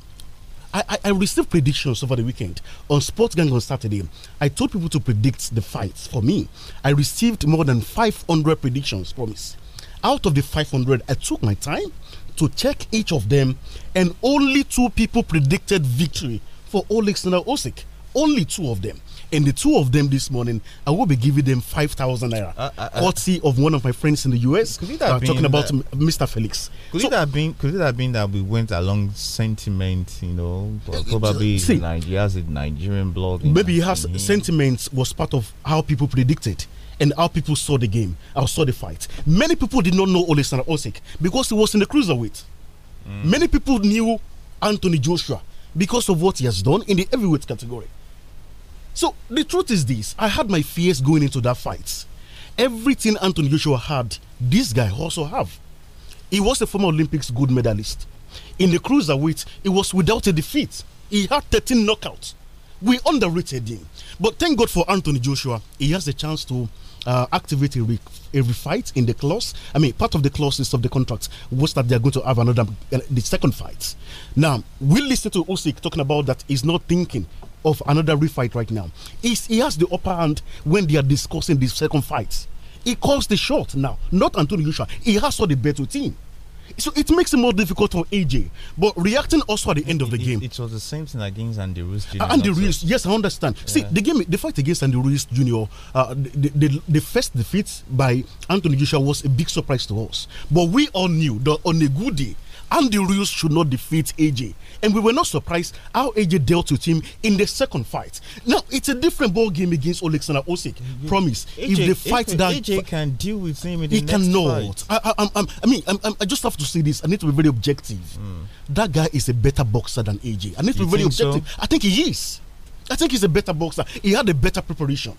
I, I, received predictions over the weekend on Sports Gang on Saturday. I told people to predict the fights for me. I received more than 500 predictions, promise. Out of the 500, I took my time to check each of them, and only two people predicted victory for Oleksandr Osik. Only two of them. And the two of them this morning, I will be giving them 5,000 naira. Uh, uh, uh, courtesy of one of my friends in the US. Could it have uh, been talking about Mr. Felix. Could, so, it have been, could it have been that we went along sentiment, you know, probably see, a Nigerian blog. Maybe it has, was part of how people predicted and how people saw the game, how saw the fight. Many people did not know Ole Osik because he was in the cruiserweight. Mm. Many people knew Anthony Joshua because of what he has done in the heavyweight category. So the truth is this: I had my fears going into that fight. Everything Anthony Joshua had, this guy also have. He was a former Olympics gold medalist. In the cruiserweight, he was without a defeat. He had 13 knockouts. We underrated him. But thank God for Anthony Joshua. He has a chance to uh, activate a, re a refight in the clause. I mean, part of the clauses of the contract was that they're going to have another, uh, the second fight. Now, we listen to Usyk talking about that he's not thinking of another refight right now. He's, he has the upper hand when they are discussing the second fight. He calls the shot now, not Antonio Joshua. He has all the better team. So it makes it more difficult on AJ. But reacting also at the end of the it, game. It was the same thing against Andy Ruiz Jr. Andy Ruiz, yes, I understand. Yeah. See, the game, the fight against Andy Ruiz Jr., uh, the, the, the, first defeat by Anthony Joshua was a big surprise to us. But we all knew that on a good day, the rules should not defeat AJ. And we were not surprised how AJ dealt with him in the second fight. Now, it's a different ball game against Oleksandr Osik. Mm-hmm. Promise. AJ, if they fight that. AJ can deal with him in the He cannot. I, I, I, I mean, I, I, just have to say this. I need to be very objective. Mm. That guy is a better boxer than AJ. I need to you be very objective. So? I think he is. I think he's a better boxer. He had a better preparation.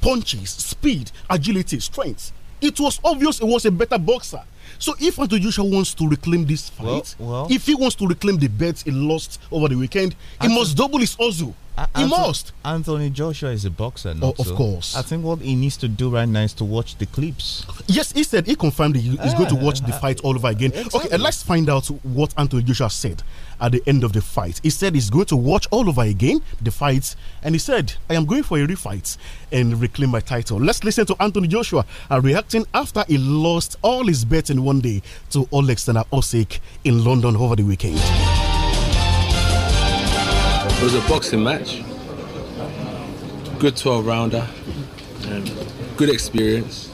Punches, speed, agility, strength. It was obvious he was a better boxer. So if Antojusha wants to reclaim this fight, well, well. if he wants to reclaim the bets he lost over the weekend, he must double his also. Anthony, he must. Anthony Joshua is a boxer Oh, of so course. I think what he needs to do right now is to watch the clips. Yes, he said he confirmed he is going to ah, watch the ah, fight all over again. Exactly. Okay, let's find out what Anthony Joshua said at the end of the fight. He said he's going to watch all over again the fight, and he said, I am going for a refight and reclaim my title. Let's listen to Anthony Joshua uh, reacting after he lost all his bets in one day to Oleksandr Osik in London over the weekend. It was a boxing match. Good 12 rounder. Um, good experience.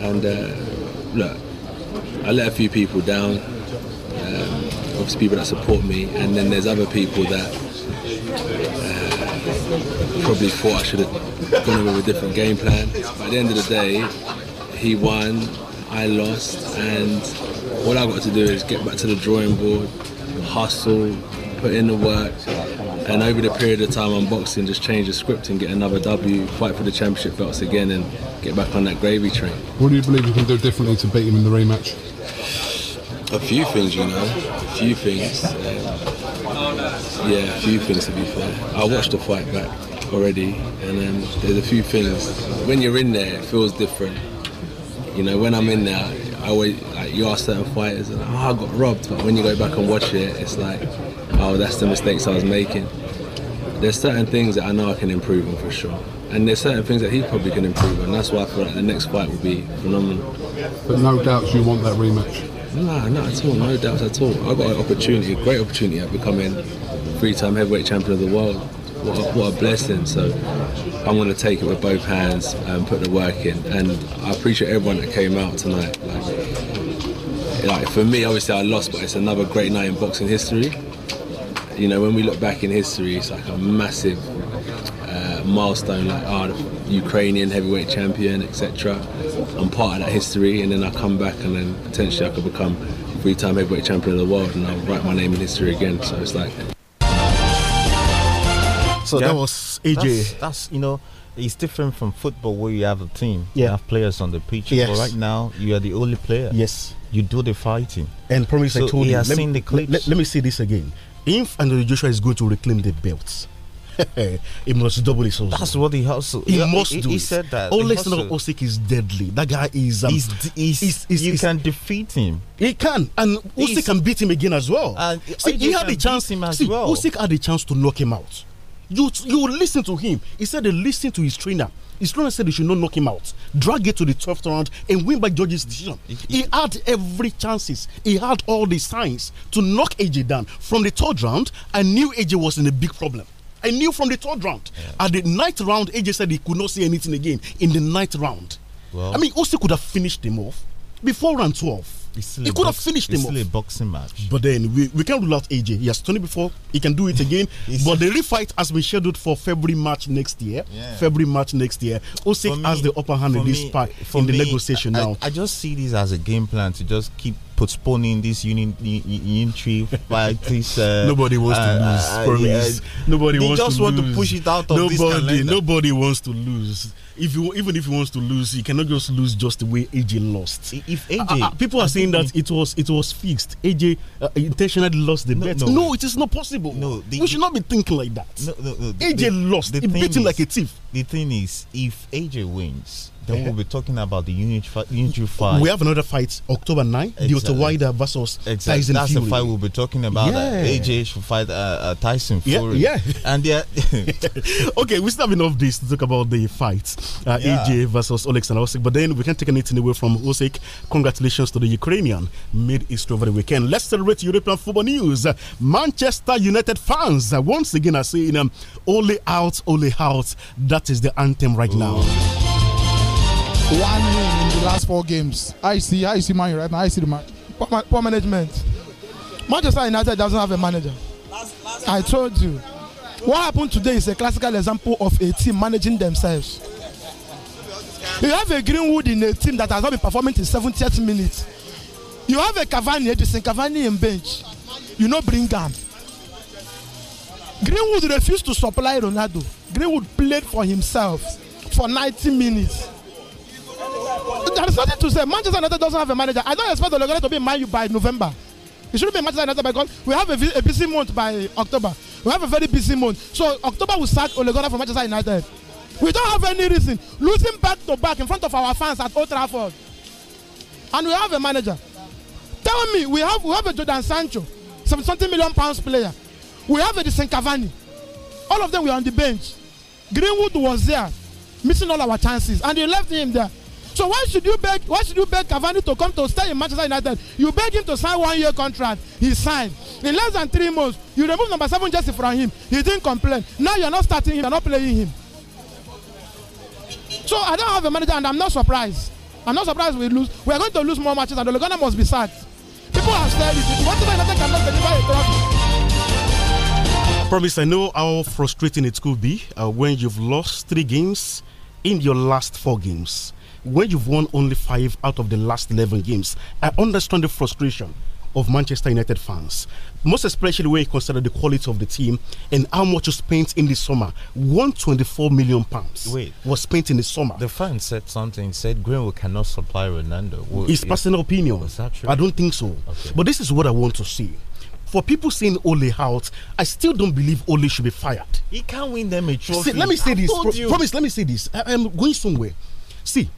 And uh, look, I let a few people down. Um, obviously, people that support me, and then there's other people that uh, probably thought I should have gone with a different game plan. But at the end of the day, he won, I lost, and all I got to do is get back to the drawing board, hustle, put in the work, and over the period of time unboxing, just change the script and get another W, fight for the championship belts again, and get back on that gravy train. What do you believe you can do differently to beat him in the rematch? A few things, you know, a few things. Um, yeah, a few things to be fair. I watched the fight back already, and um, there's a few things. When you're in there, it feels different. You know, when I'm in there, I always like you ask certain fighters, and oh, I got robbed. But when you go back and watch it, it's like oh, that's the mistakes I was making. There's certain things that I know I can improve on for sure. And there's certain things that he probably can improve on. That's why I feel like the next fight will be phenomenal. But no doubts you want that rematch? Nah, not at all, no doubts at all. I got an opportunity, a great opportunity at becoming three-time heavyweight champion of the world. What a, what a, blessing. So I'm going to take it with both hands and put the work in. And I appreciate everyone that came out tonight. Like, like for me, obviously I lost, but it's another great night in boxing history you know, when we look back in history, it's like a massive uh, milestone, like, oh, Ukrainian heavyweight champion, etc. I'm part of that history, and then I come back, and then potentially I could become three-time heavyweight champion of the world, and I'll write my name in history again. So it's like. So yeah. that was AJ. That's, that's, you know, it's different from football where you have a team. Yeah. You have players on the pitch. Yes. But right now, you are the only player. Yes. You do the fighting. And promise so I told he you. Has let, seen me, the clips. Let, let me see this again. If Anthony Joshua is going to reclaim the belt, he must double his hustle. That's what he has He, he must he, do. He it. said that. Oleksandr Osik is deadly. That guy is. Um, he's, he's, he's, he's, you can defeat him. He can, and Osik can beat him again as well. And see, he had the chance. Him as see, well. Osik had the chance to knock him out. You you listen to him. He said they listen to his trainer. His trainer said they should not knock him out, drag it to the 12th round, and win by judges' decision. he had every chances. He had all the signs to knock AJ down. From the third round, I knew AJ was in a big problem. I knew from the third round. Yeah. At the ninth round, AJ said he could not see anything again in the ninth round. Well. I mean, Osi could have finished him off before round 12 he could have finished him. Still off. a boxing match. But then we, we can't rule out AJ. He has done it before. He can do it again. but the refight has been scheduled for February March next year. Yeah. February March next year. Osik has the upper hand in this part in the me, negotiation I, now. I, I just see this as a game plan to just keep postponing this entry by This, uh, nobody wants to uh, lose. Uh, promise. nobody they wants just want to push it out of nobody, this calendar. Nobody wants to lose. If you, even if he wants to lose, he cannot just lose just the way AJ lost. If AJ, people are saying that it was it was fixed. AJ uh, intentionally lost the no, bet. No, no, it is not possible. No, the, we should not be thinking like that. No, no, no, AJ the, lost. The he beat him like a thief. The thing is, if AJ wins then we'll be talking about the unitary unit fight. We have another fight October 9th, exactly. the Ottawa versus exactly. Tyson That's Fury. the fight we'll be talking about. Uh, yeah. AJ should fight uh, uh, Tyson Fury. Yeah. yeah. And yeah. okay, we still have enough this to talk about the fight uh, yeah. AJ versus Oleksandr Osik. But then we can't take anything away from Osik. Congratulations to the Ukrainian mid East over the weekend. Let's celebrate European football news. Manchester United fans uh, once again are saying um, only out, only out. That is the anthem right Ooh. now. one win in the last four games. I see, I see Man right now. I see the man. Poor, poor management. Manchester United doesn't have a manager. I told you. What happened today is a classical example of a team managing themselves. You have a Greenwood in a team that has not been performing in 70 minutes. You have a Cavani, Edison Cavani in bench. You know, bring him. Greenwood refused to supply Ronaldo. Greenwood played for himself for 90 minutes. There is nothing to say. Manchester United doesn't have a manager. I don't expect Ole Gunnar to be in by November. It shouldn't be Manchester United because we have a, a busy month by October. We have a very busy month. So October will sack Ole from Manchester United. We don't have any reason losing back to back in front of our fans at Old Trafford. And we have a manager. Tell me, we have we have a Jordan Sancho, 70 million pounds player. We have a Disen Cavani. All of them were on the bench. Greenwood was there, missing all our chances, and they left him there. So why should you beg? Why should you beg Cavani to come to stay in Manchester United? You beg him to sign one year contract. He signed in less than three months. You remove number seven jersey from him. He didn't complain. Now you are not starting him. You are not playing him. So I don't have a manager, and I'm not surprised. I'm not surprised we lose. We are going to lose more matches, and Olegana must be sad. People have said it. You want to United cannot deliver a trophy. I promise, I know how frustrating it could be uh, when you've lost three games in your last four games. where you've won only five out of the last 11 games, I understand the frustration of Manchester United fans, most especially when you consider the quality of the team and how much was spent in the summer. 124 million pounds Wait, was spent in the summer. The fans said something, said Greenwood cannot supply Ronaldo. Well, His personal opinion. I don't think so. Okay. But this is what I want to see for people saying Ole out, I still don't believe Ole should be fired. He can't win them a trophy. See, let me say I this. Promise, let me say this. I, am going somewhere. See,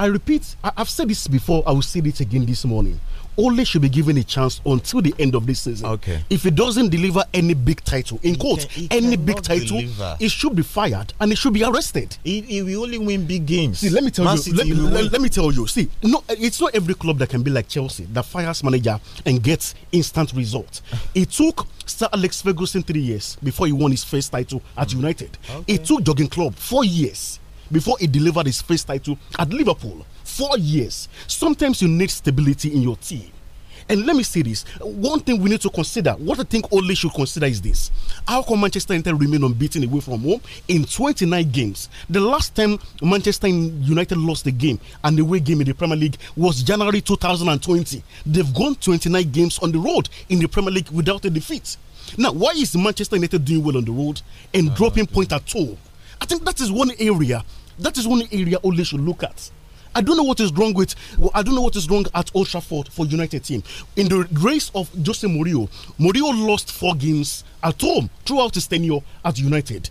I repeat, I, have said this before, I will say it again this morning. Only should be given a chance until the end of this season. Okay. If he doesn't deliver any big title, in quote, any big title, deliver. he should be fired and he should be arrested. He, he will only win big games. See, let me tell you. Let, let, let, me tell you. See, no, it's not every club that can be like Chelsea that fires manager and gets instant results. it took Sir Alex Ferguson three years before he won his first title at mm. United. Okay. It took Jogging Club four years before he delivered his first title at Liverpool. Four years. Sometimes you need stability in your team. And let me say this one thing we need to consider, what I think only should consider is this how come Manchester United remain unbeaten away from home in 29 games? The last time Manchester United lost a game, an away game in the Premier League, was January 2020. They've gone 29 games on the road in the Premier League without a defeat. Now, why is Manchester United doing well on the road and uh, dropping point at all? I think that is one area that is one area only should look at. I don't know what is wrong with. I don't know what is wrong at Old Trafford for United team. In the race of Jose Mourinho, Mourinho lost four games at home throughout his tenure at United.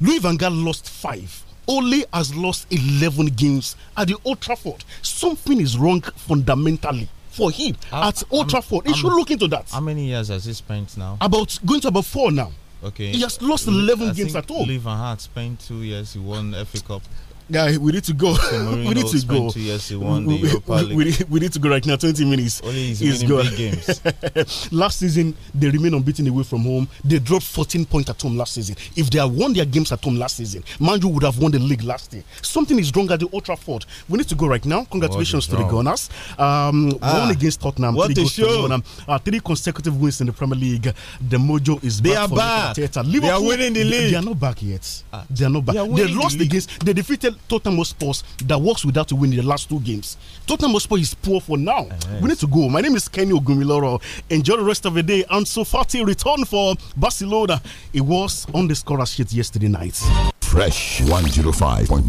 Louis Van Gaal lost five. Only has lost 11 games at the Old Trafford. Something is wrong fundamentally for him I, at Old I'm, Trafford. He I'm, should look into that. How many years has he spent now? About going to about four now. Okay. He has lost 11 I games at all. Louis Van Gaal spent two years. He won FA Cup. Guys, we need to go. we need to go. We, need to go right now. Twenty minutes Only games. last season, they remain unbeaten away from home. They dropped 14 points at home last season. If they had won their games at home last season, Manju would have won the league last year. Something is wrong at the Old Trafford. We need to go right now. Congratulations to the Gunners. Um, ah, one against Tottenham. What three, Tottenham. Uh, three consecutive wins in the Premier League. The mojo is back. They are for back. The they are winning the league. They, they are not back yet. Ah. They are not back. They, they lost the games. They defeated Tottenham Sports that works without to win in the last two games. Tottenham Hotspur is poor for now. We need to go. My name is Kenny Ogumiloro. Enjoy the rest of the day. And so far, he return for Barcelona. It was on the scorer sheet yesterday night. Fresh 105.9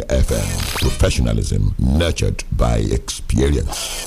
FM. Professionalism nurtured by experience.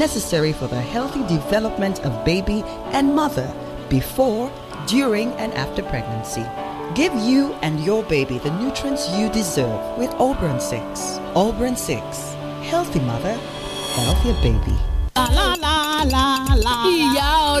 necessary for the healthy development of baby and mother before, during, and after pregnancy. Give you and your baby the nutrients you deserve with Auburn 6. Auburn 6. Healthy mother, healthier baby. La la la la la. Ìyá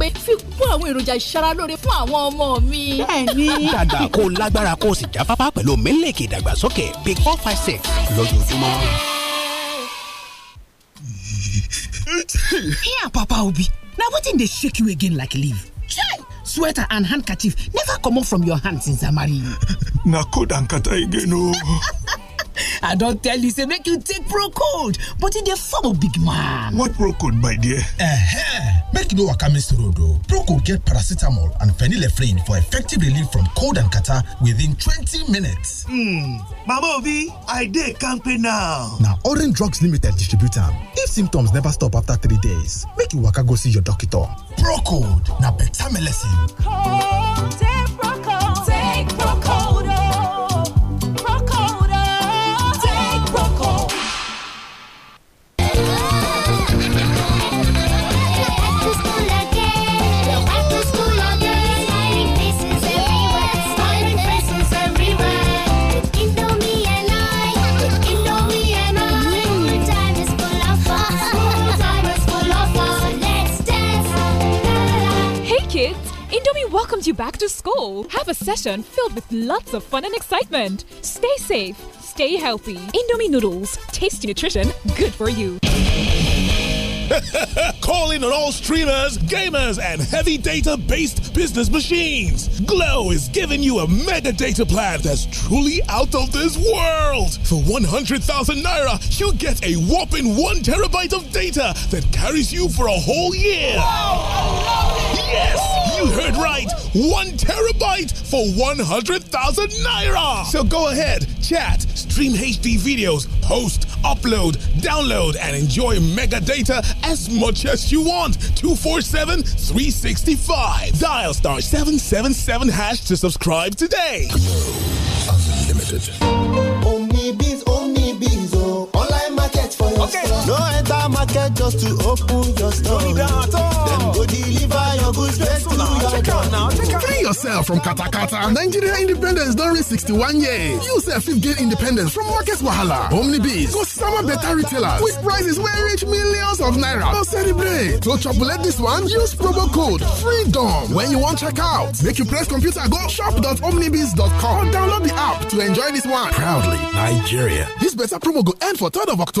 pé fi kún àwọn èròjà ìṣaralóore fún àwọn ọmọ mi. bẹ́ẹ̀ni. dàgbà kó lágbára kó o sì jáfáfá pẹ̀lú mílíkì ìdàgbàsókè big four five six lójoojúmọ́. Here, Papa Obi. Now wetin dey shake you again like leaf? Sweater and handkerchief never come off from your hands since I married you. Na cold and kata again o. Oh. i don't tell you say make you take Procode, but in the form of big man what Procode, my dear? eh make you no what miss road Procode oh. get paracetamol and phenylephrine for effective relief from cold and catarrh within 20 minutes hmm mama Ovi, i dey now. Now orange drugs limited distributor. if symptoms never stop after three days make you waka go see your doctor procold na beta melecine you back to school. Have a session filled with lots of fun and excitement. Stay safe, stay healthy. Indomie noodles, tasty nutrition, good for you. Calling on all streamers, gamers, and heavy data based business machines. Glow is giving you a mega data plan that's truly out of this world. For 100,000 naira, you get a whopping 1 terabyte of data that carries you for a whole year. Wow, yes, you heard right. 1 terabyte for 100,000 naira. So go ahead, chat, stream HD videos, host, upload, download, and enjoy mega data as much as you want. 247 365. Dial star 777 hash to subscribe today. Glow Unlimited. Only bees, only bees, oh. Online market for your okay. store. No enter market just to open your store. Don't need at all. Them go deliver your goods straight to your check door. Now, check out. Free yourself from katakata. Nigeria independence don reach 61 years. You a fifth independence from market wahala. Omnibs go some better retailers with prices where reach millions of naira. No celebrate. To chopulate this one, use promo code FREEDOM when you want check out. Make you press computer go shop.omnibs.com or download the app to enjoy this one. Proudly Nigeria. This better promo go end for 3rd of October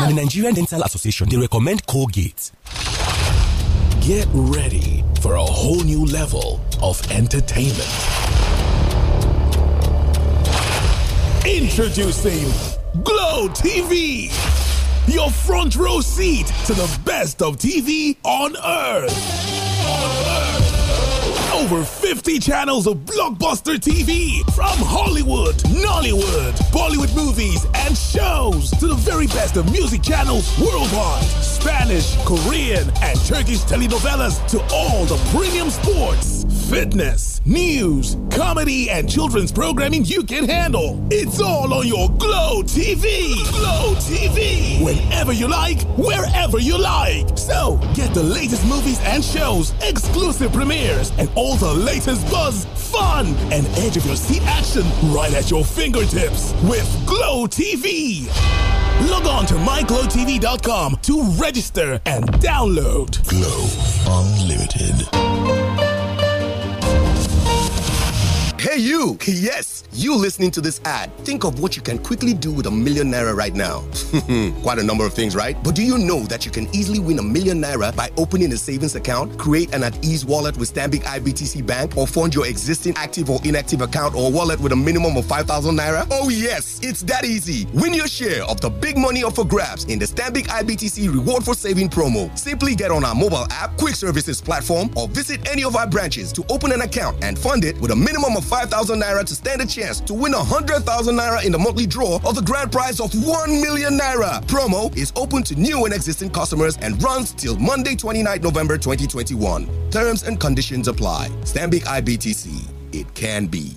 now, the Nigerian Dental Association, they recommend Colgate. Get ready for a whole new level of entertainment. Introducing Glow TV, your front row seat to the best of TV on earth. Over 50 channels of blockbuster TV from Hollywood, Nollywood, Bollywood movies, and shows to the very best of music channels worldwide. Spanish, Korean, and Turkish telenovelas to all the premium sports fitness, news, comedy, and children's programming you can handle. It's all on your Glow TV. Glow TV. Whenever you like, wherever you like. So get the latest movies and shows, exclusive premieres, and all the latest buzz, fun, and edge of your seat action right at your fingertips with Glow TV. Log on to myglowtv.com to register and download Glow Unlimited. Hey, you! Yes, you listening to this ad. Think of what you can quickly do with a million naira right now. Quite a number of things, right? But do you know that you can easily win a million naira by opening a savings account, create an at ease wallet with Stanbic IBTC Bank, or fund your existing active or inactive account or wallet with a minimum of 5,000 naira? Oh, yes, it's that easy. Win your share of the big money up for grabs in the Stanbic IBTC Reward for Saving promo. Simply get on our mobile app, quick services platform, or visit any of our branches to open an account and fund it with a minimum of 5,000 naira to stand a chance to win 100,000 naira in the monthly draw of the grand prize of 1 million naira. Promo is open to new and existing customers and runs till Monday, 29 November 2021. Terms and conditions apply. Stanbic IBTC. It can be.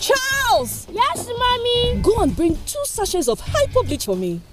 Charles! Yes, mommy? Go and bring two sachets of hypo bleach for me.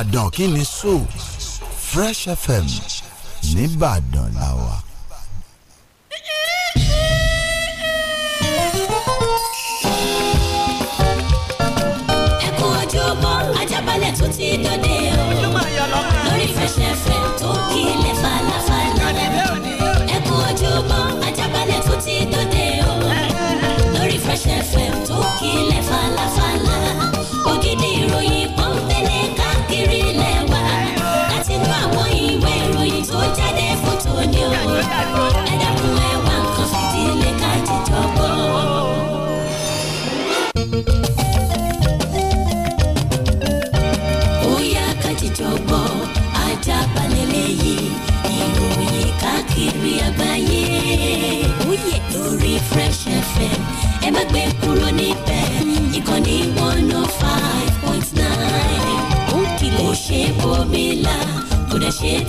Ìbàdàn kí ni sọ Fresh FM nìbàdàn làwà.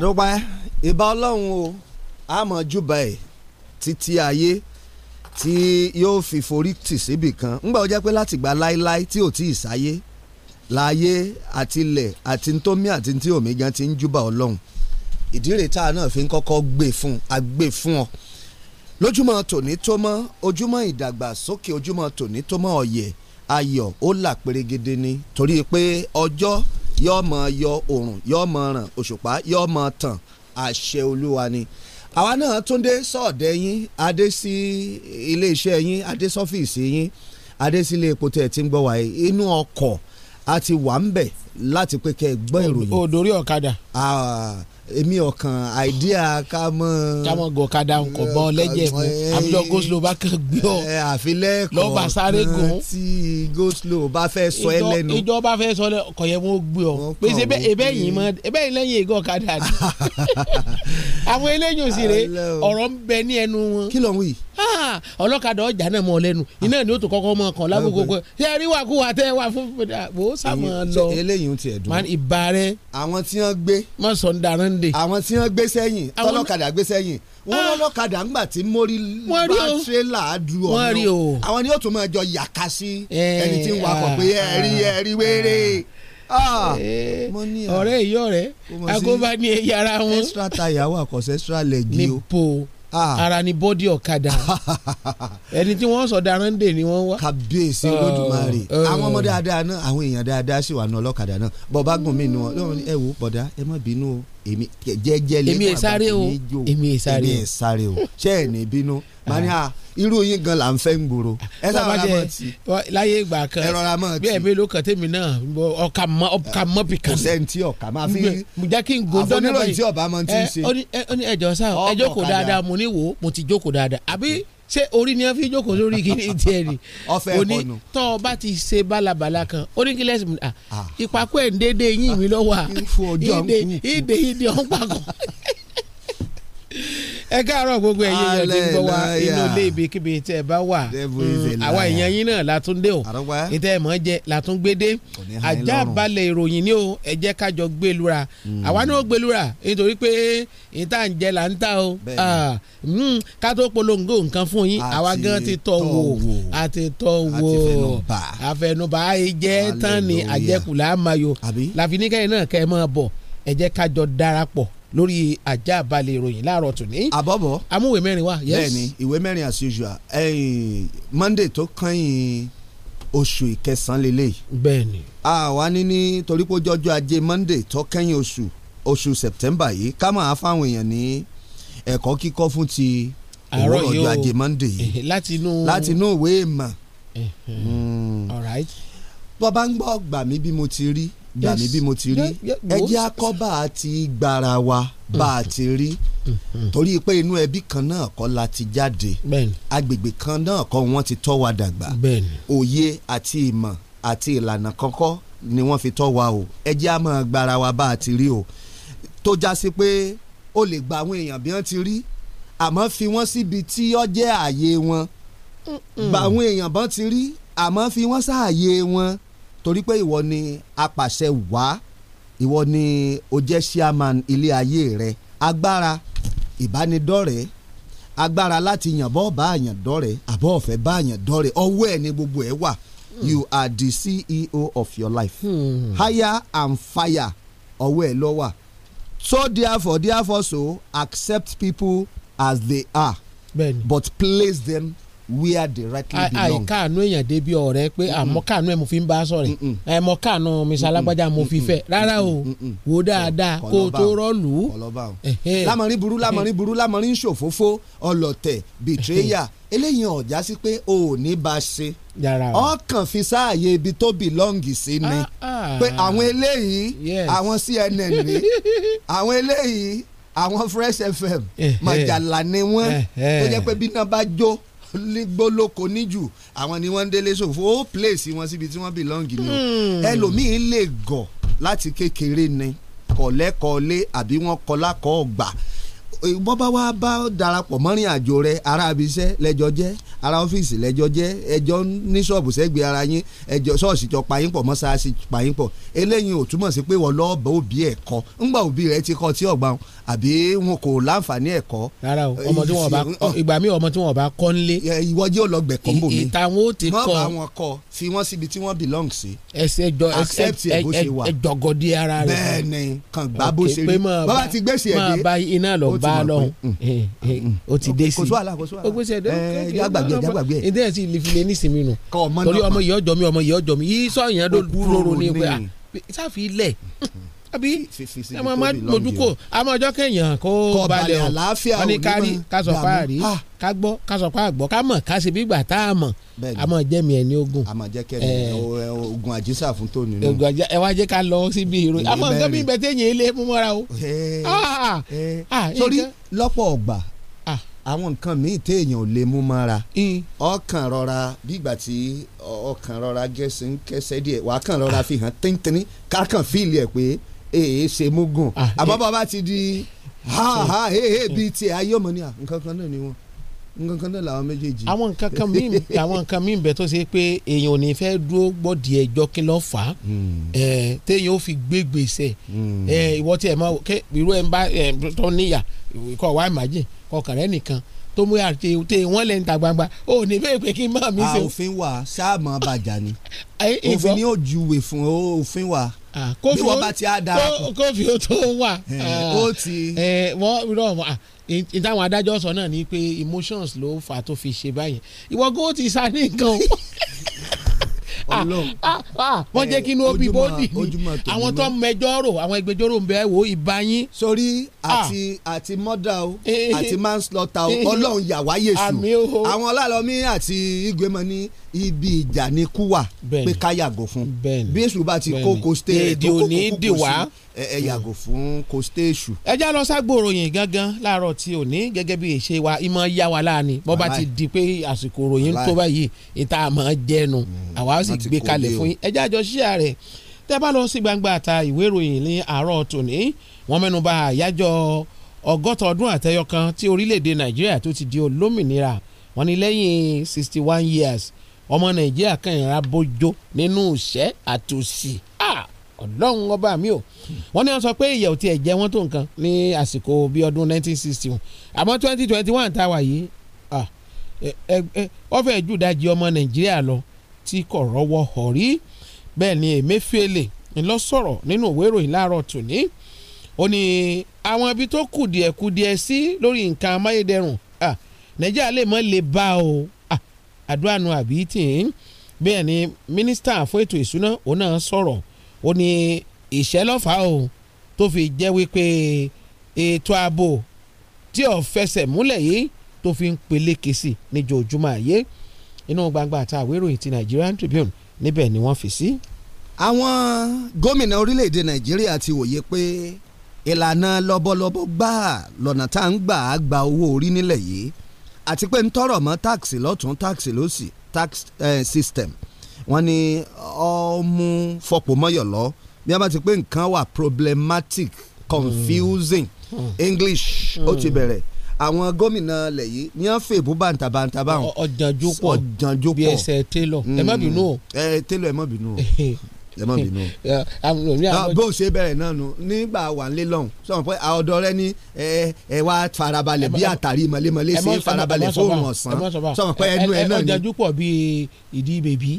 àdúpẹ́ ìbà ọlọ́run o àmọ̀júbà ẹ̀ títí ayé tí yóò fi forí tì síbì kan ńgbà ó jẹ́ pé láti gba láéláé tí ò tí ì sáyé láàyè àti ilẹ̀ àti ntómi àti ntí omi gan ti ń júbà ọlọ́run ìdí rèé tá a náà fi ń kọ́kọ́ gbé fún a gbé fún ọ lójúmọ́ tòní tó mọ́ ojúmọ́ ìdàgbàsókè ojúmọ́ tòní tó ọ̀yẹ̀ ayọ̀ ó là pérégede ni torí pé ọjọ́ yóò mọ yọ òòrùn yóò mọ ràn òṣùpá yóò mọ tàn àṣẹ olúwa ni àwa náà túndé sọ̀dẹ̀ yín adé sí iléeṣẹ́ yín adé sọ́fíìsì yín adé sí ilé epo tẹ̀ tí ń gbọ́ wáyé inú ọkọ̀ a wà ń bẹ̀ láti pé kẹ́ ẹ gbọ́ ìròyìn. odori ọ̀kadà èmi ọ̀kan àìdíà ká mọ́. kámọ́ gọ kadà ńkọ bọ́ lẹ́jẹ̀ mú àbújọ goslo bá kàn gbé ọ. àfilẹ́kọ̀ọ́ lọ́ba sáré gùn. tí goslo bá fẹ́ sọ ẹ lẹ́nu. ìjọba fẹ́ sọ ọkọ̀ yẹn mọ́ gbé ọ. pèsè ebe yìí mọ ebe yìí lẹ́yìn ìgò kadà ni. àwọn eléyìí ò sì rè ọ̀rọ̀ ń bẹ ní ẹnu wọn. kí ló ń wí. Ah, ọlọ́kadà ọjà náà mọ̀ lẹ́nu iná ni ó tó kọ́kọ́ mọ̀ kàn lágbègbè ṣé ẹ rí wàkúwà tẹ́ wà fún bò ah, ó sàmọ́ lọ eléyìí ti ẹ̀dùn man ìbá rẹ. àwọn tí wọ́n gbé mọ̀ sọ̀ ń darán ń de. àwọn tí wọ́n gbé sẹ́yìn tọ́lọ́kadà gbé sẹ́yìn wọ́n ah. lọ́lọ́kadà ńgbà tí mórí bá tírélà du ọ̀nà àwọn ni ó tún máa jọ yàká sí eh. ẹni tí ń wakọ̀ pé ẹ rí ẹ rí wéré eh. ọ̀rẹ́ ìyọ́ rẹ̀ akóbá ní ẹ̀yà ara wọn. extra tire wà kọ̀ọ̀sẹ̀ extra leg yìí o. Ah, ara ni bọ́dí ọ̀kadà ẹni tí wọ́n sọ darande ni wọ́n wá. kàbíyèsí oh. olódùmarè oh. àwọn ọmọ dáadáa náà àwọn èèyàn dáadáa sì wà ní ọlọ́kadà náà bọ́ọ̀ bá gùn mí ni wọ́n lọ́wọ́ ẹ wò bọ̀dá ẹ má bínú o èmi jẹ́jẹ́ lè mọ àbá mi èmi èsáré o èmi èsáré o ṣé ẹ ní bínú màá ní à irú yín gan La ń fẹ́ ń gbòòrò ẹ sábà mọ̀ tí láyé ìgbà kan ẹ rọra mọ̀ tí bẹ́ẹ̀ mélòó kan tèmi náà ọkà mọ ọkà mọ bì kan. kò sẹ́ni tí máa fi jẹ́ kí n gbódọ́ náà báyìí àfọ̀nìròyìn tí ọba máa ti ń ṣe. ẹjọ́ sá ẹjọ́ kò dáadáa mo ní wò mo ti jókòó dáadáa àbí ṣé orí ni wọ́n fi jókòó sórí kíní tiẹ̀ ni ọ̀fẹ́ ẹ̀kọ́ tọ́ ọ bá ti ṣe bálabàla kan oníkílẹ̀sì mi ah, ah. ìpàkọ́ ẹ̀ ń dédé yín mi lọ́wọ́ à ah. ìdè ìdè ìdè ọ̀npàkọ́ ẹ káàárọ̀ gbogbo ẹ̀yin èèyàn tí ń bọ̀ wá inú ilé ibi kíbi tẹ́ ẹ bá wà hmm, àwa èèyàn yín náà látúndé o ìtẹ́ ẹ̀ mọ́ jẹ látúngbédé ajá balẹ̀ ìròyìn ni o ẹ jẹ́ ká jọ gbẹlura hmm. àwa náà gbẹlura nítorí pé ìta ń jẹ là ń ta o hmm, ká tó polongo nǹkan fún yín àwa gan ti tọ̀ wò àti tọ̀ wò àfẹnubà jẹ́ tán ni àjẹkù làá máa yo làfi náà kẹ́ ẹ máa bọ̀ ẹ jẹ́ ká darapọ̀ lórí ajá balẹ̀ ìròyìn láàárọ̀ tòní. àbọ̀bọ̀ amúwe mẹ́rin wa. bẹ́ẹ̀ni ìwé mẹ́rin as usual ẹ̀yìn monday tó kẹ́yìn oṣù ìkẹsàn-án lélẹ̀. bẹ́ẹ̀ni. àwa ní ní torí pé ọjọ́ ajé monday tó kẹ́yìn oṣù oṣù september yìí ká máa fáwọn èèyàn ní ẹ̀kọ́ kíkọ́ fún ti òwúrọ̀ ọjọ́ ajé monday yìí eh, láti inú ìwé ìmọ̀. Hmm. all right. bọ́ bá ń gbọ́ gbà mí bí mo ti rí gbà mí bí mo ti rí ẹ jẹ́ akọ́ bá a ti gbára wa bá a ti rí mm-hmm. torí pé inú ẹbí kan náà kọ́ la ti jáde agbègbè kan náà kọ́ wọ́n ti tọ́ wa dàgbà òye àti ìmọ̀ àti ìlànà kọ́kọ́ ni wọ́n fi tọ́ wa o ẹ jẹ́ a máa gbára wa bá a ti rí o tó já sí pé ó lè gba àwọn èèyàn bí wọ́n ti rí àmọ́ fi wọ́n síbi tí ó jẹ́ ààyè wọn gba àwọn èèyàn bọ́n ti rí àmọ́ fi wọ́n sáàyè wọn torí pé ìwọ ni apàṣẹ wá ìwọ ni o jẹ́ chairman ilé ayé rẹ agbára ìbánidọ́rẹ̀ẹ́ agbára láti yànbọ́ bá àyàn dọ́rẹ̀ẹ́ àbọ̀ ọ̀fẹ́ bá àyàn dọ́rẹ̀ẹ́ ọwọ́ ẹ̀ ni gbogbo ẹ̀ wà hmm. you are the CEO of your life hmm. hire and fire ọwọ́ ẹ̀ ló so therefore therefore so accept people as they are Bẹ́ẹ̀ni. but place them where they rightly belong. àìkáànú èèyàn débi ọ̀rẹ́ pé àmọ́ ah, káànú ẹ̀ mo fi ń bá a sọ̀rọ̀ ẹ̀ mọ́ káànú mr alágbájá mo fi fẹ́ rárá o wò dáadáa kó o tó rọ́ọ̀lù. lámọ̀rin burú lámọ̀rin buru lámọ̀rin ṣòfófó ọlọ̀tẹ̀ bìtírẹ́yà eléyìí ọ̀já sí pé o ò ní bá a ṣe ọkàn fi sáàyè ibi tó bìlọ́ǹgì sí ni ah, pé ah. àwọn eléyìí àwọn CNN ni àwọn eléyìí àwọn Fresh FM màjàlá ni wọ́n tó jẹ́ pé bí náà bá jó gbólóko níjù àwọn ni wọ́n ń délé ṣòfò ó pèlèsì wọn síbi tí wọ́n bìlọ́ǹgì ni o hmm. ẹlòmíì lè gọ̀ láti kékeré ni kọ̀lẹ́kọ̀ọ́lé àbí wọ́n kọ́ lákọ̀ọ́ ọgbà bọ́ bá wá bá darapọ̀ mọ́rin àjò rẹ ara abiṣẹ́ lẹ́jọ́ jẹ́ ara ọ́fíìsì lẹ́jọ́ jẹ́ ẹjọ́ ní ṣọ́ọ̀bù sẹ́gbẹ̀ẹ́ ara yín ẹjọ́ ṣọ́ọ̀ṣì jọ payín pọ̀ mọ́ṣáláṣí payín pọ̀ eléyìí ò túmọ̀ sí pé wọ́n lọ́ọ́ bá òbí ẹ̀ kọ́ ńgbà òbí rẹ ti kọ́ tí ọ̀gbà àbí wọn kò láǹfààní ẹ̀kọ́. rárá o ọmọ tí wọn bá ìgbà míì ọmọ tí wọn bá kọ́ nílé. ìwọ jẹ́ olọgbẹ̀ kan bò mí. ìta ò ti kọ́. mọ́ bá wọn kọ́ fi wọ́n síbi tí wọ́n belong sí. ẹsẹ̀ jọ accept ẹ bó ṣe wà. ẹ jọgọdí ara rẹ. bẹ́ẹ̀ni kan gbà bó ṣe rí bàbá ti gbèsè ẹ dé. máa bá iná lọ bá a lọ o mm. eh, eh, mm. ti dé sí. kò sóhàlà kò sóhàlà. o gbèsè ẹ dé. ẹ eh, jágbàgbé jágbàgbé. ìdí ẹ̀ sì lè nísìmí nù. kọ́ ọmọ náà torí àbí ẹ máa máa mojúkò àmọ́ ọjọ́ kẹyàn kó balẹ̀ o wọ́n ní kárí kásọ̀ fáàrí ká gbọ́ kásọ̀ fáà gbọ́ ká mọ̀ ká sì bí gbà tá a mọ̀ àmọ́ jẹ́mi ẹ̀ ní ogun. àmọ́ jẹ́ kẹ́ ẹ ogun àjísà fún tòní nù. ogun àjísà ẹ wá jẹ́ ká lọ síbi ìròyìn àmọ́ nǹkan bíi bẹ́tẹ̀ yẹn lé mú mọ́ra o. torí eh, ah, ah, ah. eh. eh, lọ́pọ̀ ọ̀gbà àwọn nǹkan míì téèyàn ò lè mú mọ́ra mm. ọkàn rọra bígbà tí ọkàn rọra gẹ̀ẹ́sì ń kẹsẹ́ díẹ̀ wàá kàn rọra fi hàn tíntìní kákàn fíìlì ẹ̀ pé èé ṣe mú gùn ah, àbábọ̀ bá ti di ha ha he he bíi tiẹ̀ ayé ọmọ ni à ah, nǹkan kan náà ni wọn nǹkan kan náà làwọn méjèèjì. àwọn nǹkan kan míì àwọn nǹkan míì bẹ tó ṣe pé èèyàn ò ní fẹ́ dúró gbọ́dì ẹjọ́ kí ló fà á hmm. téèyàn ó fi gbé gbèsè hmm. ìwọ tí ẹ mọ irú ẹ ń bá tó níyà kọ wá ìmájì kọ kàrẹ́ nìkan tó mú àti tẹ wọn lẹ́yìn ta gbangba ó ní bẹ́ẹ̀ pé kí n má mi ṣe. a òfin wa sáà mọ bàjá ni òfin ni ó juwe fún òfin wa. Ah, kófì ó kófì ó tó wà ó ah, ti eh, wọ́n rọ̀ wọ́n ìtàwọn ah, adájọ́ sọ náà ni pé emotions ló fà tó fi ṣe báyìí ìwọ kó o ti sáré nǹkan o. Ah, ah, ah. wọ́n jẹ́ kí inú ó bí bódì ni àwọn tó mẹjọ́ rò àwọn ẹgbẹ́jọ́rò ń bẹ wò ìbá yín. sórí àti àti murder o eh, eh, àti eh. manslaughter o ọlọ́run yà wáyé sùn àwọn ọlálọ́mí àti ìgbẹ́mọ ní ibi ìjà ni kú wà pé ká yàgò fún bí èṣù bá ti kó kó stay èdè òní dì wá ẹ yàgò fún kó stay èṣù. ẹ já lọ ságbóròyìn gangan láàárọ̀ tí ò ní gẹ́gẹ́ bí èṣe wa ìmọ̀ yá wa láàánú bó ti di pé àsìkò ròyìn tó báyìí ìta àmọ́ jẹnu mm. àwa sì gbé kalẹ̀ fún yín ẹjẹ́ àjọ ṣíà rẹ̀ tẹ́ bá lọ sí gbangba àta ìwé ìròyìn ní àárọ̀ tòní wọ́n mẹ́nuba àyájọ́ ọgọ́ta ọdún àtẹyọ kan tí orílẹ̀-èdè nàìjíríà tó ti di olómìnira wọ́n ní lẹ́yìn sixty one years ọmọ nàìjíríà kan ìra bójó nínú ìṣẹ́ àtòsí ọlọ́run ọba mi o wọ́n ní wọ́n sọ pé ìyẹ̀ ò tiẹ̀ jẹ́ wọ́n tó nǹkan ní àsìkò bíi ọdún 1961 àmọ́ 2021 tá a wà yìí ọ̀fẹ́ jù dájí ọmọ nàìjíríà lọ tí kò rọ́wọ́ họ̀ rí bẹ́ẹ̀ ni Emefiele ńlọ sọ̀rọ̀ nínú òwe ìròyìn láàárọ̀ tòní ó ní àwọn ibi tó kù díẹ̀ kù díẹ̀ sí lórí nǹkan amáyédẹrùn nàìjíríà lè mọ́ lè bá o àdúrà nu àbí tì í bẹ́ẹ̀ ni mínísítà fún ètò ìsúná òun náà sọ̀rọ̀ ó ní ìṣẹ́lọ́fà o tó fi jẹ́ wípé ètò ààbò tí ò fẹsẹ̀ múlẹ̀ yìí tó fi ń peléke sí níjọ́ ojúmọ́ àyè inú gbangba àti àwérò ti Nigerian Tribune níbẹ̀ ni wọ́n fi sí. àwọn gómìnà orílẹ̀-èdè Nàìjíríà ti wòye pé ìlànà lọ́bọ̀lọ́bọ̀ gbà lọ́nà tá à ń gbà á gba owó orí nílẹ̀ yìí àti pé ń tọrọ mọ́ táàkì lọ́tún táàkì lọ́sì tax eh, system wọ́n ní ọmú fọpọ̀ mọ́yọ̀ lọ bí wọ́n bá ti pé nǹkan wà problematic hmm. confusing mm. English ó mm. ti hmm. bẹ̀rẹ̀ àwọn gómìnà ilẹ̀ yìí ní wọ́n fèbú bàǹtàbàǹtà báwọn. ọ̀jànjú pọ̀ ọ̀jànjú pọ̀ bí ẹsẹ̀ télọ̀ ẹ má bínú o. ẹ mm. eh, télọ̀ ẹ má bínú o ẹ má bínú. Ah, bó o ṣe bẹ̀rẹ̀ náà nu nígbà wà ń lé lọ́hùn sọ̀rọ̀ pé ah, ọ̀dọ̀ rẹ ní ẹ wá farabalẹ̀ bí àtàrí mọ̀lẹ́mọ̀lẹ́ ṣe farabalẹ̀ fóònù ọ̀sán sọ̀rọ̀ pé ẹnu ẹ náà ni. ọ̀jànjú pọ̀ bíi ìdí bèbí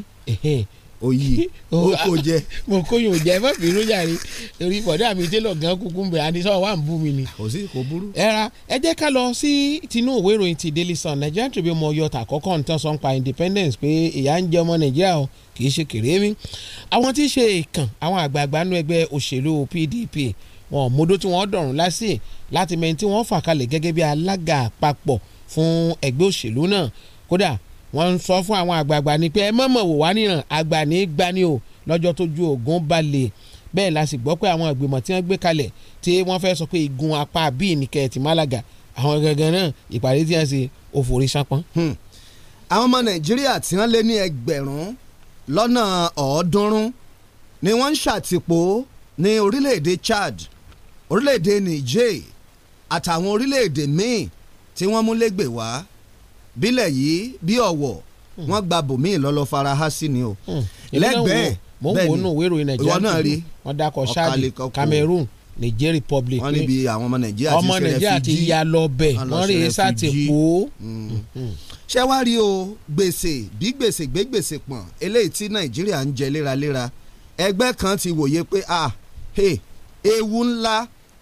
òyì okò jẹ. mo kóyún òjẹ má bínú jàre torí bọ̀dá mi télọ̀ gan kúkú ń bẹ̀ àníṣọ́ wà ń bú mi ni. kò sí kò burú. ẹ̀ra ẹ jẹ́ ká lọ sí tinú òwe ìròyìn ti Daily Sun Nigerian Tribune mọ ọyọ tàkọ́kọ́ nǹkan sọ ń pa Independence pé ìyá ń jẹ ọmọ Nàìjíríà o kì í ṣe kéré mi. àwọn tí í ṣe ìkàn àwọn àgbààgbà nú ẹgbẹ́ òṣèlú PDP wọn mọdó tí wọ́n dọ̀rùn lásì láti mẹ́ni tí wọ́n fà kalẹ̀ gẹ́gẹ́ bí alága àpapọ̀ fún ẹgbẹ́ òṣèlú náà kódà wọ́n ń sọ fún àwọn àgbààgbà ni pé ẹ mọ̀mọ̀ wò wá níran àgbà ní gbani o lọ́jọ́ tójú ògùn balẹ̀ bẹ́ẹ̀ la sì gbọ́ pé àwọn ìgbìmọ̀ tí wọ́n gbé kalẹ̀ tí wọ́n fẹ́ sọ pé igun apá bíi nìkẹ́ ti Málága àwọn gangan náà ìpàdé tí wọ́n ṣe òfòrí sápọ́n. Hmm. àwọn ọmọ Nàìjíríà tí wọ́n lé ní ẹgbẹ̀rún lọ́nà ọ̀ọ́dúnrún ni wọ́n ń ṣàtìpó ní orílẹ̀-èdè Chad orílẹ̀-èdè Niger àtàwọn orílẹ̀-èdè míì tí wọ́n mú lẹ́gbẹ̀ẹ́ wá bílẹ̀ yìí bí ọ̀wọ̀ hmm. wọ́n gba bòmíì lọ́lọ́ fara há sí ni o hmm. lẹ́gbẹ̀ẹ́ mo ń wò nù wérò nàìjíríà náà rí wọn dakọ ṣáàdì Cameroon Niger Republic wọn níbi àwọn ọmọ nàìjíríà ti ṣẹlẹ̀ fìdí ọmọ nàìjíríà ti ya lọ bẹ wọn rí esa ti kú. Hmm. ṣé o gbèsè bí gbèsè gbé gbèsè pọ̀n eléyìí tí nàìjíríà ń jẹ léraléra ẹgbẹ́ kan ti wòye pé ah hey, ewu ńlá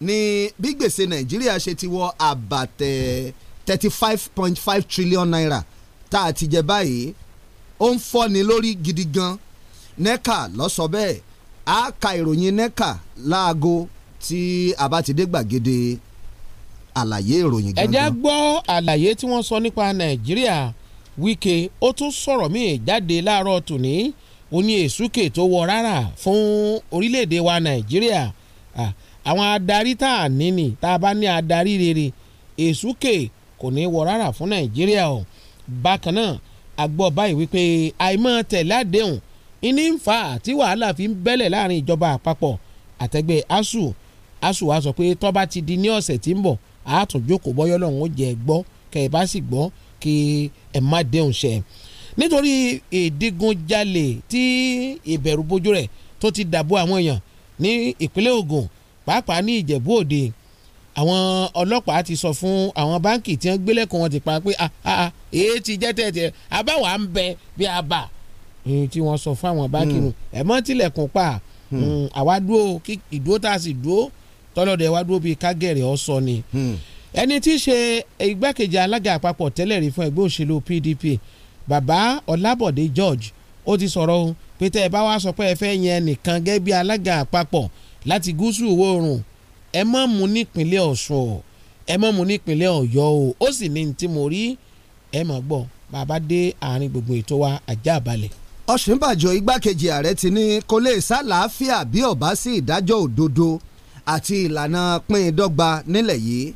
ni bí gbèsè nàìjíríà ṣe ti wọ àbàtẹ̀. Mm thirty five point five trillion naira tá a ti jẹ báyìí ó ń fọ́ni lórí gidi gan nẹ́ka ló bẹ́ẹ̀ a ka ìròyìn nẹ́ka láago tí a bá ti dé gbàgede àlàyé ìròyìn gangan. ẹ jẹ́ gbọ́ àlàyé tí wọ́n sọ nípa nàìjíríà wike ó tún sọ̀rọ̀ míì jáde láàárọ̀ tòní ó ní èsúkè tó wọ rárá fún orílẹ̀-èdè wa nàìjíríà àwọn adarí tá a ní ni tá a bá ní adarí rere èsúkè. E kò ní wọ rárá fún nàìjíríà o bákan náà a gbọ́ báyìí wípé àìmọ́ tẹ̀lé àdéhùn ìní ń fa àti wàhálà fi ń bẹ́lẹ̀ láàrin ìjọba àpapọ̀ àtẹgbẹ́ asuu asuu wa sọ pé tó ti di ní ọ̀sẹ̀ tí ń bọ̀ àtúnjókòó bọ́yọ́ lọ́hùn ó jẹ́ gbọ́ kẹ́ ẹ bá sì gbọ́ kí ẹ má déhùn ṣẹ nítorí ìdigunjalè tí ìbẹ̀rùbojo rẹ̀ tó ti dàbò àwọn èèyàn ní ìpínlẹ̀ Ògùn pàápàá ní Ìjẹ̀bú Òde àwọn ọlọ́pàá ti sọ fún àwọn báǹkì tí wọ́n gbélẹ̀kùn wọn ti pa pé ah, ah, ah, èyí ti jẹ́ tẹ̀tẹ̀ abáwa ń bẹ bí a bà tí wọ́n sọ fún àwọn báǹkì hmm. nù ẹ̀ mọ́ tilẹ̀kùn pa hmm. Hmm, àwa dúró kí ìdúró tá a sì dúró tọ́lọ́dẹ wa dúró bíi kágẹ̀rẹ̀ ọ̀sọ ni ẹni tí í ṣe igbákejì alága àpapọ̀ tẹ́lẹ̀ rí fún ẹgbẹ́ òṣèlú PDP bàbá Ọlábọ̀dé George ó ti sọ̀rọ̀ ohun pété ẹ bá wá sọ pé ẹ fẹ́ yẹn nìkan gẹ́gẹ́ bí alága àpapọ̀ láti gúúsù ìwọ̀ ẹ má mú nípínlẹ̀ Ọ̀ṣun o ẹ má mú nípínlẹ̀ Ọ̀yọ́ o ó sì ní ní tí mo rí ẹ má gbọ́ bàbá dé àárín gbogbo ètò wa ajá balẹ̀. Ọ̀ṣínbàjò igbákejì ààrẹ ti ní kò lè sálàáfíà bí ọ̀bá sí ìdájọ́ òdodo àti ìlànà pín dọ́gba nílẹ̀ yìí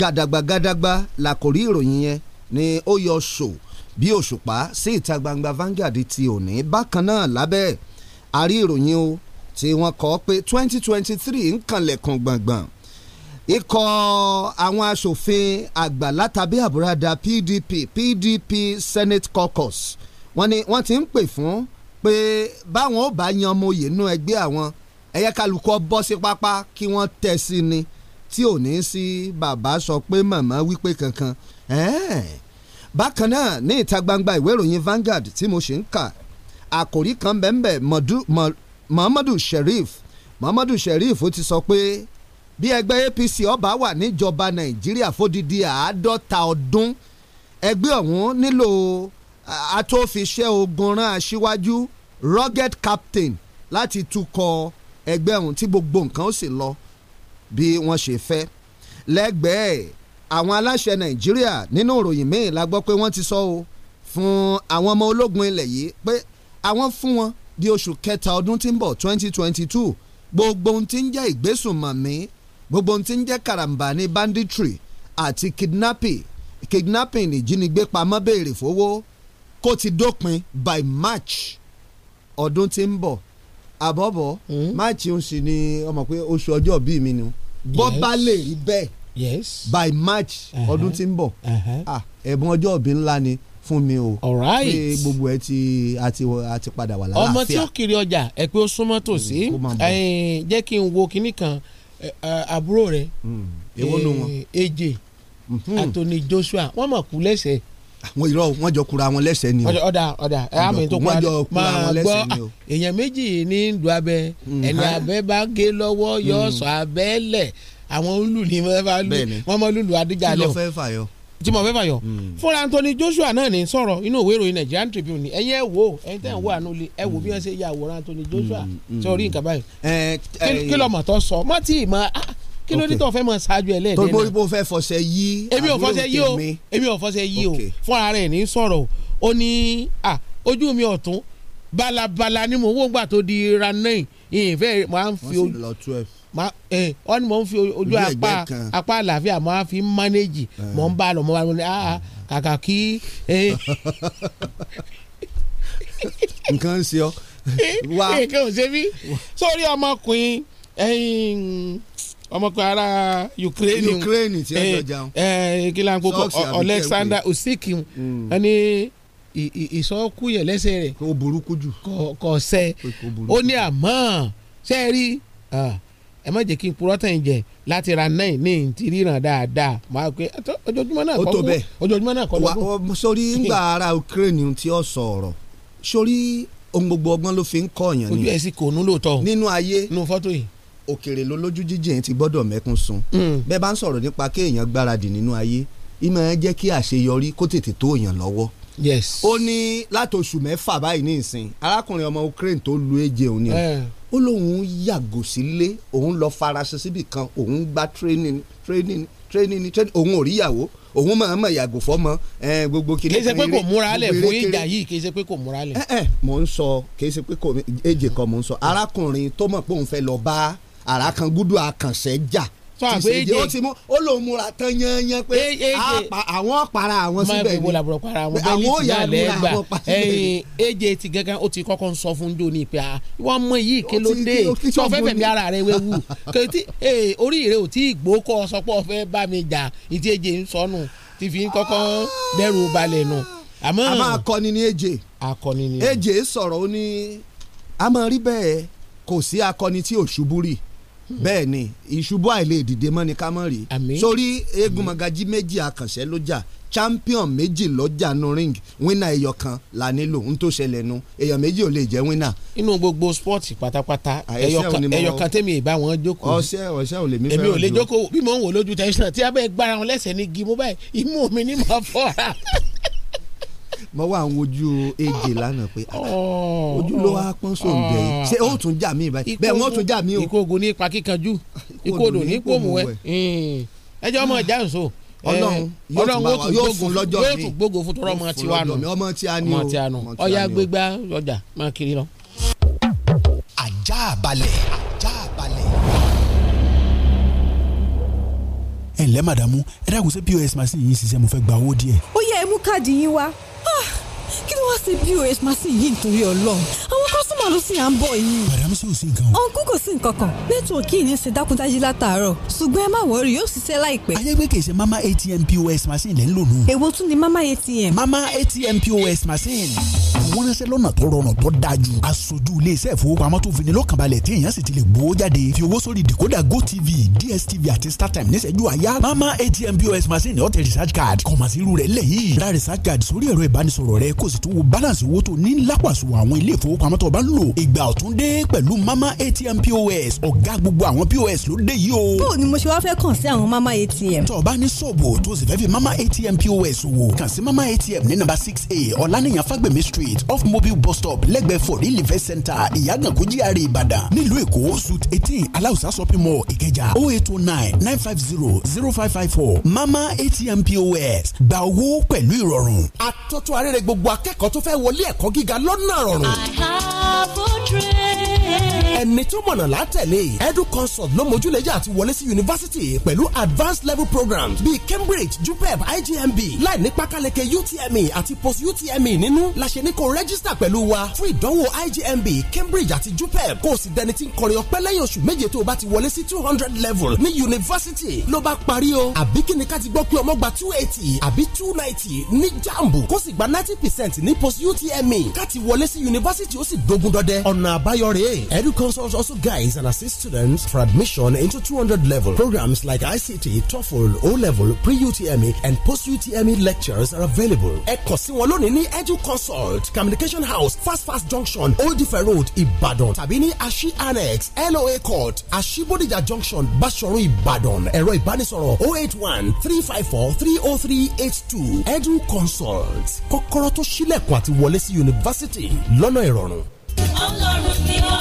gàdàgbà gàdàgbà làkòrí ìròyìn yẹn ni ó yọ ṣò bí òṣùpá sí ìta gbangba Vanguard ti òní bákan náà lábẹ́ àrí ìròyìn o tí wọ́n kọ pé twenty twenty three ń kanlẹ̀kùn gbọ̀ngbọ̀n ikọ̀ àwọn asòfin àgbà látàbí àbúradà PDP PDP Senate Caucus wọ́n ní wọ́n ti ń pè fún pé báwọn ò bá yan ọmọ òye nínú ẹgbẹ́ àwọn ẹ̀yẹ kálukú bọ́ sí pápá kí wọ́n tẹ̀ sí ni tí ò ní sí bàbá sọ pé màmá wípé kankan bákan náà ní ìta gbangba ìwé ìròyìn Vanguard tí mo ṣe ń kà àkòrí kan bẹ́ẹ̀ bẹ́ẹ̀ mọ̀dú mọ̀dú Muhammadu Sheriff Muhammadu Sheriff ó ti sọ pé bí ẹgbẹ́ APC ọba wà níjọba Nàìjíríà fódìdí àádọ́ta ọdún ẹgbẹ́ ọ̀hún nílò atófiṣẹ́ ogun rán aṣíwájú rugged captain láti tukọ̀ ẹgbẹ́ ọ̀hún tí gbogbo nǹkan ó sì lọ bí wọ́n ṣe fẹ́ lẹ́gbẹ̀ẹ́ àwọn aláṣẹ Nàìjíríà nínú ìròyìn míì la gbọ́ pé wọ́n ti sọ o fún àwọn ọmọ ológun ilẹ̀ yìí pé àwọn fún wọn di oṣù kẹta ọdún tí ń bọ̀ twenty twenty two gbogbo ohun tí ń jẹ́ ìgbésùnmọ̀mí gbogbo ohun tí ń jẹ́ karambà ní banditry àti kidnapping kidnapping ìjínigbé pamọ́ béèrè fowó kó ti dópin by march ọdún tí ń bọ̀ àbọ̀bọ̀ hmm? march ń sì ni ọmọ pé oṣù ọjọ́ bíi mi ni bọ́ bá lè rí bẹ́ẹ̀ yes by march uh-huh. ọdún tí ń bọ̀ uh-huh. ẹ̀bùn ọjọ́ ìbí ńlá ni fún mi o. alright pé gbogbo ẹ ti àti àti padà wà láàfíà. ọmọ tí ó kiri ọjà ẹ pé ó súnmọ́ tòsí mm, jẹ́ kí n wo kinní kan àbúrò rẹ̀ mm, èjè mm-hmm. àtòní Joshua wọ́n mọ̀ kú lẹ́sẹ̀. àwọn irọ́ wọn jọ kura wọn lẹ́sẹ̀ ni o. ọ̀dà ọ̀dà àmì tó kura máa gbọ́ èèyàn méjì ní ndùn abẹ mm-hmm. ẹni abẹ bá gé lọ́wọ́ yọ mm. sọ abẹ́lẹ̀ àwọn olùlù ni wọ́n máa lùlù adigun alẹ́ o tí mo fẹ́ fàyọ. fúnra Anthony Joshua náà ní sọ̀rọ̀ inú ìwé ìròyìn Nigerian Tribune ni ẹ̀yẹ́ wò ẹ̀yìn tẹ̀ ń wò ànú le ẹ̀ wò bí wọ́n ṣe ya àwòrán Anthony hmm. Joshua tí hmm. hmm. orí nǹkan báyìí. Eh, eh, kí ló mọ̀ tó sọ mọ́ tí ì mọ́ ah, kí ló ní tó fẹ́ mọ̀ ṣáájú ẹ̀ lẹ́ẹ̀dẹ́ náà. tó bó fẹ́ fọṣẹ yí àbúrò tèmi èmi ò fọṣẹ yí o fúnra rẹ̀ ní sọ̀rọ̀ ó ní ah, ojú mi ọ̀tún balabala ni mò ń gbà tó di ra nine ìyẹn fẹ́ máa ń fi Eh, ọ ni mò ń fi ojú apá apá àlàáfíà mọ́ á fi mánéjì mọ́ ń bá lọ mọ́ wá ní kàkà kí. Eh. nǹkan ń ṣe ọ. nǹkan ò ṣe bí sórí ọmọkùnrin ọmọkùnrin ara Ukraine Ukraine tí ẹ jọ eh, jaun kí ló ń Alexander Usyk ẹni mm. ìsọkú yẹn lẹ́sẹ̀ rẹ̀ kò burúkú jù kò sẹ́ ó ní àmọ́ sẹ́ẹ̀rí ẹ má jẹ́ kí n purọ́ tẹ̀ ń jẹ láti ra nine ní ìtìrí ràn dáadáa máa pe ah, ojoojúmọ́ náà kọ́ lọ́gbọ́n ojoojúmọ́ náà kọ́ lọ́gbọ́n. sórí ngbà ara Ukraine tí ó sọ ọ̀rọ̀ sórí ohun gbogbo ọgbọ́n ló fi ń kọ́ ọ̀yàn ni ojú ẹ̀ sì kò nú lóòótọ́ nínú ayé nínú fọ́tò yìí òkèrè ló lójú jíjìn ti gbọ́dọ̀ mẹ́kún sun hmm. bẹ́ẹ̀ bá ń sọ̀rọ̀ nípa kéèyàn gbáradì nínú ayé ìmọ̀ ẹ jẹ́ kí àṣeyọrí kó tètè tó èèyàn lọ́wọ́ yes ó ní láti oṣù mẹ́fà báyìí ní ìsìn arákùnrin ọmọ Ukraine tó lu èjè òun ni eh. ó lóun yàgò sílé òun lọ farasin síbì kan òun gba training training training ni training òun ò rí ìyàwó òun máa ma yàgò fọmọ gbogbo kìnìún kìnìún kìí ṣe pé kò múra lẹ̀ fún ìjà yìí kìí ṣe pé kò múra lẹ̀. ẹ ẹ mò ń sọ kìí ṣe pé kò èjè kan mò ń sọ arákùnrin tó mọ̀ pé òun fẹ́ lọ bá àràkàngúdù àkànṣe jà sọ èdè ó ti mú ó lòun múra tán yányán pé àwọn para àwọn síbẹ̀ ni àwọn ó yà àwọn pa síbẹ̀ ni. èjè ti gángan ó ti kọ́kọ́ ń sọ fún jóni pé ah, wọ́n mọ yìí ké dé tó fẹ́ fẹ̀mí ara rẹ̀ wéwu orí rẹ̀ ò tí ì gbó kọ́ sọ pé ọ̀fẹ́ bá mi jà ìdí èjè ń sọnù ti fi kọ́kọ́ dẹ́rù balẹ̀ nù. àmọ́ akọni ni èjè akọni ni sọ̀rọ̀ ó ní a máa rí bẹ́ẹ̀ kò sí akọni tí ò ṣubú rí bẹ́ẹ̀ ni ìṣubú àìlè dìde mọ́ ni ká mọ̀ rí sórí eégún magají méjì àkànṣe ló jà champion méjì lọ́jà nu ring winner ẹyọ kan la nílò n tó ṣẹlẹ̀ nu èèyàn méjì ò lè jẹ́ winner. inú gbogbo spọ́ọ̀tì pátápátá ẹyọ kan tẹ́mi ìbá wọn jókòó. ọṣẹ ọṣẹ ò lè mi fẹ́ràn jù. èmi ò lè jókòó bí mò ń wò lójú tẹ̀sán tí a gbára wọn lẹ́sẹ̀ ní gímú báyìí imú mi ní màá fọ́ mo wá àwọn ojú èjè lánàá pé ah, ojú ló wá pọ́n sóńgẹ̀ yìí ṣé ó tún jà mí báyìí bẹ́ẹ̀ wọ́n tún jà mí o. ìkógun ní ipa kíkanjú ìkodò ní pòmù ẹ ẹjọ́ ah. ọmọ ìjà ń so ọlọ́run eh, yóò fún lọ́jọ́ mi yóò tún gbógo fún tọrọ ọmọ tiwa nù ọmọ tiwa nù ọyá gbégbá ọjà máa kiri lọ. ajá balẹ̀ ẹ ǹlẹ́ màdàmú ẹ dákun ṣé pọ́s machine yìí ṣiṣẹ́ mo fẹ́ gba owó díẹ̀. ó yẹ ẹ káàdì yín wá Ah, kí ló wá ṣe pos machine yìí nítorí Ọlọ́run àwọn kọ́sọ́mà ló sì à ń bọ̀ yìí. bàdàmú sí òsín kan. ọ̀nkú kò sí nǹkan kan nẹ́tíwọ̀kì yìí ń ṣe dákúndájí látàárọ̀ ṣùgbọ́n ẹ má wọrí yóò ṣiṣẹ́ láìpẹ́. ayégbé kì í ṣe mama atm pos machine lẹ́ ń lò nù. èwo tún ni mama atm. mama atm pos machine wọ́n ránṣẹ́ lọ́nà tó rọrùn tó dájú. aṣojú iléeṣẹ́ ìfowópamọ́ tó fini lọ́kànbalẹ̀ tí èèyàn sì ti lè gbowó jáde fi owó sórí decoder gotv dstv àti startime níṣẹ́jú àyà mama atm pos machine ọ̀tẹ̀ research card kọ̀mọ̀sí irú rẹ̀ lẹ́yìn ra research card sórí ẹ̀rọ ìbánisọ̀rọ̀ rẹ kó sì tún wo balance owó tó ní lápàṣù àwọn ilé ìfowópamọ́ tó bá ń lò ìgbà ọ̀tún pẹ̀lú mama atm pos ọ̀gá gbogbo àwọn pos ló dé yìí o. bó o ni mo ṣe wá fẹ́ kàn sí àwọn mama atm. tó o bá ní ṣọ́ọ̀bù tó sì fẹ́ fi mama atm pos wò kàn sí mama atm ní nàmbà six a ọ̀lànìyàn fagbemi street street off mobile bus stop lẹ́gbẹ̀ẹ́ for real event center ìyàgànkú GRA ìbàdàn nílùú èkó suit eighteen aláùsá shopping mall ìkẹjà o oh eight o oh nine nine five zero zero five five four mama atm pos gba owó pẹ̀lú ìrọ̀rùn. àtọ́tọ́ arére gbogbo akẹ́kọ̀ọ́ tó fẹ́ wọlé ẹ̀kọ́ gíga lọ́nà rọrùn. I have a dream ẹni tó mọ̀nà látẹ̀lé edu consult ló mójúlẹ̀jà àti wọlé sí yunifásitì pẹ̀lú advanced level programs bíi cambridge jupeb igmb láì ní pákáleke utme àti post utme nínú la ṣe ní kó rẹ́gísítà pẹ̀lú wa fún ìdánwò igmb cambridge àti jupeb kó o sì dẹni tí ń kọrin ọpẹ́ lẹ́yìn oṣù méje tó o bá ti wọlé sí two hundred level ní yunifásitì ló bá parí o àbí kí ni ká ti gbọ́ pé ọmọ gba two eighty àbí two ninety ní jambu kó sì gba ninety percent ní post utme ká ti wọlé sí yunifásitì ó sì dogun dọdẹ ọ̀nà àbáyọ rèé say EduConsult also guides and assists students for admission into 200 level. Programs like ICT, TOEFL, O level, pre UTME, and post UTME lectures are available. Ekosiwalonini EduConsult, Communication House, Fast Fast Junction, Old Ife Road, Ibadan, Tabini Ashi Annex, LOA Court, Ashibodija Junction, Bashoru, Ibadan, Ẹ̀rọ ìbánisọ̀rọ̀ 081 354 30382 EduConsult. Kọ́kọ́rọ́ tó ṣílẹ̀kùn àti wọlé sí yunifásítì lọ́nà ìrọ̀rùn ọlọ́run ni ó.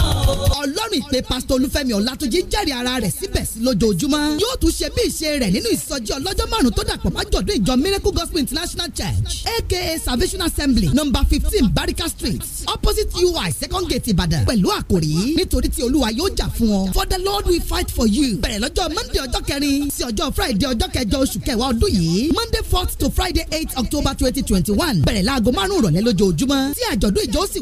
ọlọ́run ìpè pásítọ̀ olúfẹ́mi ọ̀làtúnjì jẹ́rìí ara rẹ̀ síbẹ̀ sí lójoojúmọ́ yóò tún ṣe bí ìṣe rẹ̀ nínú ìsọjí ọlọ́jọ́ márùn-ún tó dàpọ̀ májọ̀dún ìjọ miracle gospel international church aka salvation assembly number fifteen barika street opposite ui second gate ìbàdàn pẹ̀lú àkòrí nítorí tí olúwa yóò jà fún ọ for the lord we fight for you bẹ̀rẹ̀ lọ́jọ́ monday ọjọ́ kẹrin sí ọjọ́ friday ọjọ́ kẹjọ oṣù kẹwàá ọdún yìí monday fourth to friday eight october twenty twenty one bẹ̀rẹ̀ láago márùn-ún ìrọ̀lẹ́ lójoojúmọ́ tí àjọ̀dún ìjọ ó sì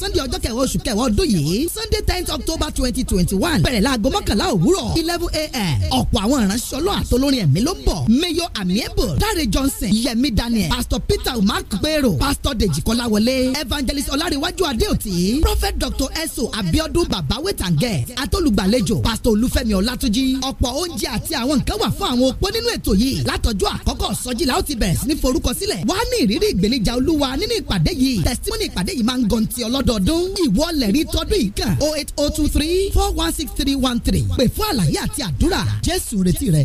sunday ọjọ́ kẹwàá oṣù kẹwàá ọdún yìí sunday tenth october twenty twenty one bẹ̀rẹ̀ láago mọ́kànlá òwúrọ̀ eleven a.m. ọ̀pọ̀ àwọn ìránṣẹ́ ọlọ́ àtolórin ẹ̀mí ló bọ̀ mayor amiable dare johnson yemi daniel pastor peter umak gbero pastor deji kọ́láwọlé evangelist ọlárẹ̀wájú adéòtí prophet dr eso abiodun babawetangẹ atolùgbàlejò pastor olúfẹ́mi ọlátúnjí ọ̀pọ̀ oúnjẹ àti àwọn nǹkan wà fún àwọn opó nínú ètò yìí látọjọ́ àkọ́kọ́ sọjí la ó ti bẹ̀rẹ̀ sí ní forúkọsílẹ̀ wàá ní ìrírí ìgbènijà olúwa nínú ìpàdé yìí testimony ìpàdé yìí máa ń gan ti ọlọ́dọọdún méjì wọlé rí tọdún yìí kan oh eight oh two three four one six three one three pè fún àlàyé àti àdúrà jésù retí rẹ.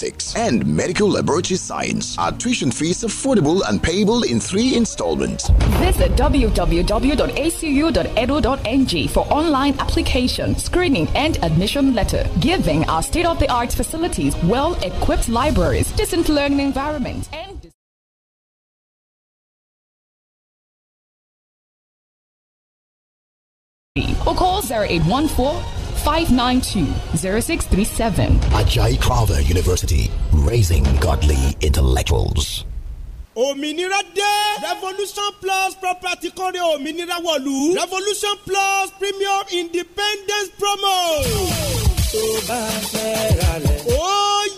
mathematics, and medical laboratory science. Our tuition fees affordable and payable in three installments. Visit www.acu.edu.ng for online application, screening, and admission letter. Giving our state-of-the-art facilities, well-equipped libraries, decent learning environment, and or call 0814 592-0637. Ajay Carver University, raising godly intellectuals. òmìnira dé. revolution plus property kọ́rẹ́ òmìnira wọ̀lú. revolution plus premium independence promo. tó bá fẹ́ ra lẹ̀. ó yẹ.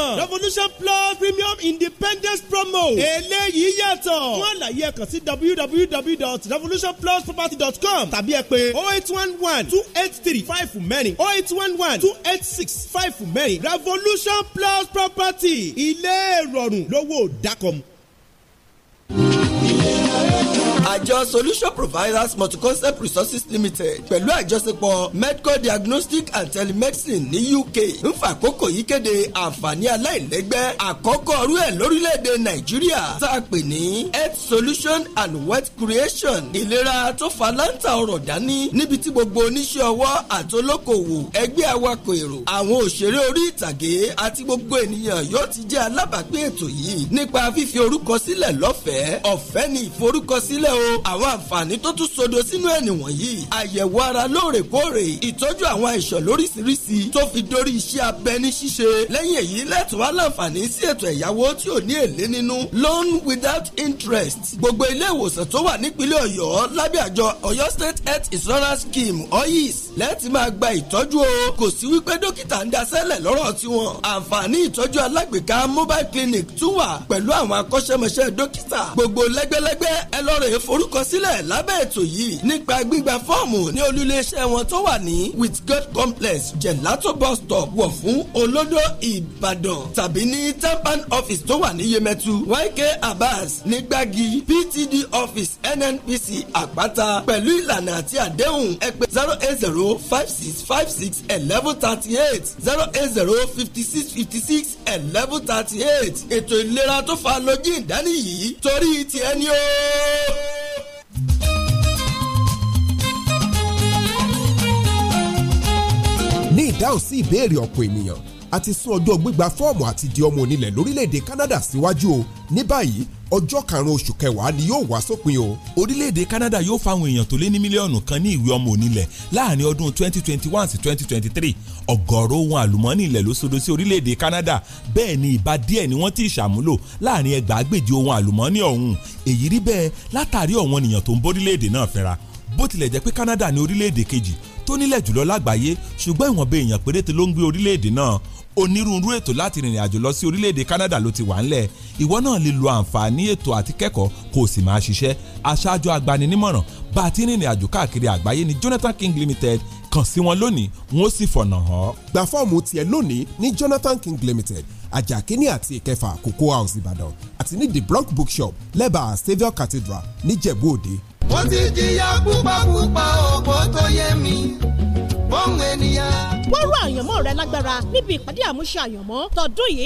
promo. revolution plus premium independence promo. eléyìí yàtọ̀. fún àlàyé ẹ sí www.revolutionplusproperty.com tàbí ẹ pè oh eight one one two eight three five for many oh eight one one two eight six five for many revolution plus property ilé ìrọ̀rùn lówó dákọ̀mù àjọ solution providers multi-concept resources limited pẹ̀lú àjọṣepọ̀ medco diagnostic and telemedicine ní uk ń fàkókò yìí kéde àǹfààní aláìlẹ́gbẹ́ àkọ́kọ́ ọ̀rú ẹ̀ lórílẹ̀‐èdè nàìjíríà tá a pè ní health solution and wealth creation ìlera tó fa láǹtà ọ̀rọ̀ dání níbi tí gbogbo oníṣẹ́ ọwọ́ àti olókòwò ẹgbẹ́ awakọ̀ èrò àwọn òṣèré orí ìtàgé àti gbogbo ènìyàn yóò ti jẹ́ alábàápín ètò yìí nípa fífi orúkọ sílẹ̀ lọ́fẹ̀ẹ́ ọ̀fẹ́ ni ìforúkọsílẹ̀ o àwọn àǹfààní tó tún sodo sínú ẹ̀ nìwọ̀nyí àyẹ̀wò ara lóòrèkóòrè ìtọ́jú àwọn àìsàn lóríṣiríṣi tó fi dórí iṣẹ́ abẹ ní ṣíṣe lẹ́yìn èyí lẹ́tọ̀ wá láǹfààní sí ètò ẹ̀yáwó tí ò ní èlé nínú loan without interest gbogbo ilé ìwòsàn tó wà nípínlẹ̀ ọ̀yọ́ lábẹ́ àjọ ọ̀yọ́ state health insurance scheme oyis lẹ́ẹ̀tì máa gba ìtọ́jú o kò sí wípé dókítà ń daṣẹ́lẹ̀ lọ́rọ̀ tiwọn àǹfààní ìtọ́jú alágbèéká mobile clinic tún wà pẹ̀lú àwọn akọ́ṣẹ́mọṣẹ́ dókítà gbogbo lẹ́gbẹ́lẹ́gbẹ́ ẹ èèf forúkọsílẹ̀ lábẹ́ ètò yìí nípa gbígba fọ́ọ̀mù ní olúléeṣẹ́ wọn tó wà ní with god complex gelato bus stop wọ̀ fún olódó ìbàdàn tàbí ní tempan office tó wà ní yemẹtu yk abbas ní gbági ptd office nnpc àpáta pẹ̀lú ìlànà àti àdéhùn ẹgbẹ́ zero eight zero five six five six eleven thirty eight zero eight zero fifty six fifty six eleven thirty eight ètò ìlera tó fa lójú ìdání torí ti ẹni o. ní ìdáhùn sí ìbéèrè ọ̀pọ̀ ènìyàn a ti sún ọjọ́ gbígba fọ́ọ̀mù àti di ọmọ onílẹ̀ lórílẹ̀‐èdè Canada síwájú o ní báyìí ọjọ́ karùn-ún oṣù kẹwàá ni yóò wá sópin o. orílẹ̀-èdè Canada yóò fáwọn èèyàn tó lé ní mílíọ̀nù kan ní ìwé ọmọ onílẹ̀ láàrin ọdún 2021 sí 2023 ọ̀gọ̀ọ̀rọ̀ ohun àlùmọ́ọ́nì ilẹ̀ ló sodo sí orílẹ̀-èdè Canada bẹ́ẹ̀ ni ìbá díẹ̀ ni wọ́n ti ṣàmúlò láàrin ẹgbàágbèje ohun àlùmọ́ọ́nì ọ̀hún èyí rí bẹ́ẹ̀ látàrí ọ̀wọ́n ènìyàn tó ń bórílẹ̀-èdè náà fẹ́ra bó tilẹ̀ jẹ́ pé Canada ní orílẹ̀-èdè kejì tó nílẹ̀ jùlọ lágbàáyé ṣùgbọ́n ìwọ̀nba èèyàn péréte ló ń gbé orílẹ̀-èdè náà onírúurú ètò láti rìnrìn àjò lọ sí orílẹ̀-èdè Canada ló ti wà ńlẹ̀ ìwọ náà lè lo àǹfààní ètò àti kẹ́kọ̀ọ́ kó o sì máa ṣiṣẹ́ aṣáájú agbaninímọ̀ràn bá a ti rìnrìn àjò káàkiri àgbáyé ní Jonathan King Limited kàn sí wọn lónìí wọn ó sì fọ̀nà hàn. gba fọ́ọ̀mù tiẹ̀ lónìí ní Jonathan King Limited ajakini àti ìkẹfà Cocoa House Ìbàdàn àti ní the Bronx Bookshop lẹ́bàá Saviour Cathedral níjẹ̀bú òde. mo ti jìyà púpàpúpà ọ̀pọ̀ tó yé mi fóun ènìyàn. wọ́n rọ àyànmọ́ rẹ lágbára níbi ìpàdé àmúṣe àyànmọ́ tọdún yìí